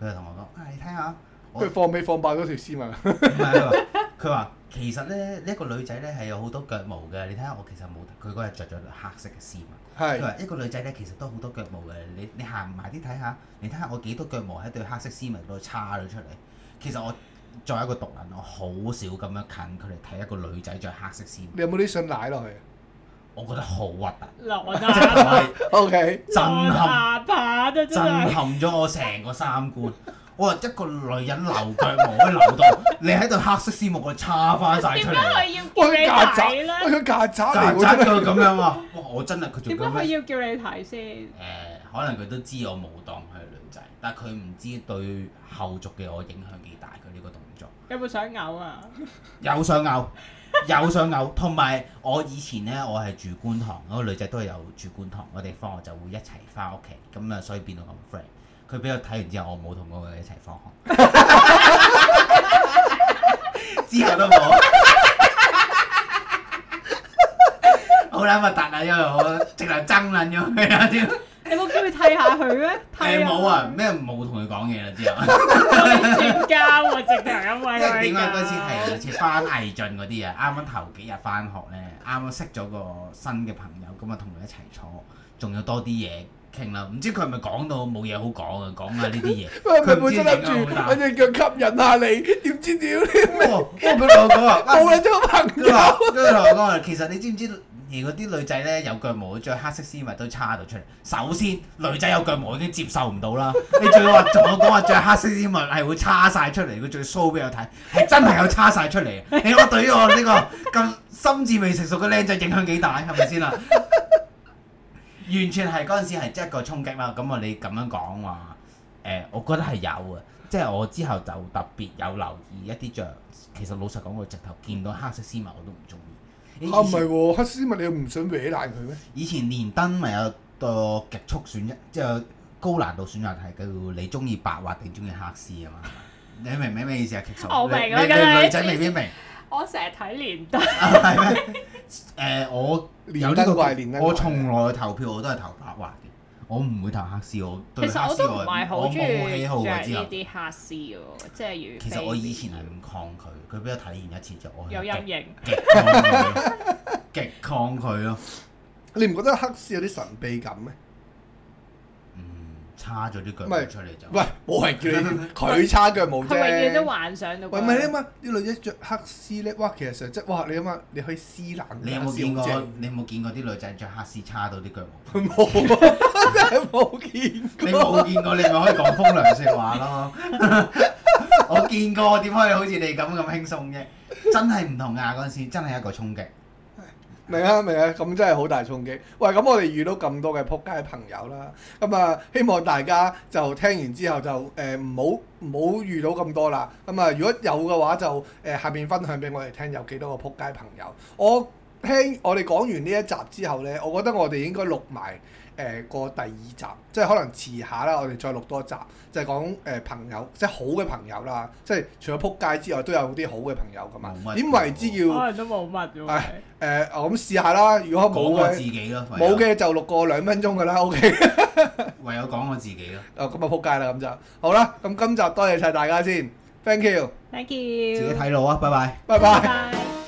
[SPEAKER 1] 佢就同我講：啊、哎，你睇下，
[SPEAKER 2] 佢放未放爆嗰條絲襪？唔係，
[SPEAKER 1] 佢話， <laughs> 其實咧，呢、這個、是一個女仔咧係有好多腳毛嘅，你睇下我其實冇，佢嗰日着咗黑色嘅絲襪，佢話一個女仔咧其實都好多腳毛嘅，你你行埋啲睇下，你睇下我幾多腳毛喺對黑色絲襪度叉咗出嚟，其實我作為一個毒人，我好少咁樣近佢嚟睇一個女仔着黑色絲襪。你有冇啲信奶落去？我覺得好核突，我真係 OK，震撼怕啊！ <laughs> 震撼咗我成個三觀。 <laughs> 我話一個女人留腳毛可以留到，你喺度黑色絲襪嗰度插翻晒出嚟。
[SPEAKER 3] 點解佢要你
[SPEAKER 2] 睇咧？個夾雜，夾雜到咁
[SPEAKER 1] 樣啊！ <laughs> 我真係佢仲點解佢要
[SPEAKER 3] 叫你睇先？誒、呃，
[SPEAKER 1] 可能佢都知我冇當佢係女仔，但係佢唔知對後續嘅我影響幾大。佢呢個動作
[SPEAKER 3] <laughs> 有冇想嘔啊？
[SPEAKER 1] 有想嘔。有想嘔，同埋我以前呢，我係住觀塘，嗰個女仔都係有住觀塘，我哋放學就會一齊翻屋企，咁啊，所以變到咁 friend。佢俾我睇完之後，我冇同嗰個一齊放學， <laughs>
[SPEAKER 3] <laughs> 之後都冇。
[SPEAKER 1] <laughs> 好難擘大啊，因為我直頭憎撚咗佢。 <laughs>
[SPEAKER 3] 你有冇機會替下佢咩？誒冇、欸、
[SPEAKER 1] 啊，咩冇同佢講嘢啦，之後。全
[SPEAKER 3] 家喎， <laughs> 直頭因位位啊。即係點解嗰
[SPEAKER 1] 支好似花大進嗰啲啊？啱啱頭幾日翻學咧，啱啱識咗個新嘅朋友，咁啊同佢一齊坐，仲有多啲嘢傾啦。唔知佢係咪講到冇嘢好講，講 <laughs> 是是啊？講下呢啲嘢。佢本心諗住揾隻腳吸引下你，點知屌？佢同我講啊，冇啦張伯哥啊，哥啊哥啊，其實你知唔知而嗰啲女仔呢，有腳毛，着黑色絲襪都叉到出嚟。首先，女仔有腳毛我已經接受唔到啦。你仲要話同我講話着黑色絲襪係會叉晒出嚟，佢仲要 show 俾我睇，係真係有叉晒出嚟。 <laughs> 你我對於我呢、呢個咁心智未成熟嘅靚仔影響幾大，係咪先啦？ <laughs> 完全係嗰陣時係一個衝擊啦。咁啊，你咁樣講話，誒，我覺得係有啊。即係我之後就特別有留意一啲着。其實老實講，我直頭見到黑色絲襪我都唔中意。啊，唔係喎，黑絲襪你又唔想搣爛佢咩？以前連登咪有個極速選擇，即係高難度選擇題叫你中意白話定中意黑絲啊嘛？ <laughs> 你明唔明咩意思啊？極速，我明，你你女仔未必明。
[SPEAKER 3] <laughs> 我成日睇連登。
[SPEAKER 1] 誒、呃，我有呢、這個概念，我從來投票我都係投白話。 <laughs> 我唔會彈黑絲，我對黑絲，我其實我都唔係好中意著呢
[SPEAKER 3] 啲黑絲，即係其實我以前係咁抗
[SPEAKER 1] 拒，佢畀我體驗一次，我就我有陰影，極抗拒
[SPEAKER 3] 咯！你
[SPEAKER 2] 唔覺得黑絲有啲神
[SPEAKER 1] 秘感咩？叉咗啲腳出嚟就，唔係叫
[SPEAKER 2] 你走，喂，我係叫佢叉腳毛啫。佢咪有啲幻想到。唔係你諗下啲女仔着黑絲呢？哇，其實成即哇，你諗下你可以撕爛。你有冇見過？
[SPEAKER 1] 你有冇見過啲女仔着黑絲叉到啲腳毛？冇啊，真係冇見過。你冇見過，你咪可以講風涼説話咯。 <laughs> 我見過，點可以好似你咁咁輕鬆啫？真係唔同啊！嗰陣時真係一個衝擊。
[SPEAKER 2] 明啊，明啊，咁真係好大衝擊。喂，咁我哋遇到咁多嘅撲街朋友啦，咁、嗯、啊，希望大家就聽完之後就誒唔好唔好遇到咁多啦。咁、嗯、啊，如果有嘅話就誒、呃、下面分享俾我哋聽，有幾多個撲街朋友？我聽我哋講完呢一集之後咧，我覺得我哋應該錄埋。誒個、呃、第二集，即係可能遲下啦，我哋再錄多一集，就係、是、講誒、呃、朋友，即係好嘅朋友啦，即係除咗撲街之外，都有啲好嘅朋友㗎嘛。點什為之要？可能、啊、都冇乜喎。我咁試下啦。如果冇冇嘅就錄個兩分鐘㗎啦。O K。
[SPEAKER 1] 唯有講我自己
[SPEAKER 2] 咯。哦，咁啊撲街啦咁就。好啦，咁今集多謝晒大家先，thank you，thank you。Thank you. 自己睇路啊，拜拜。
[SPEAKER 3] 拜拜。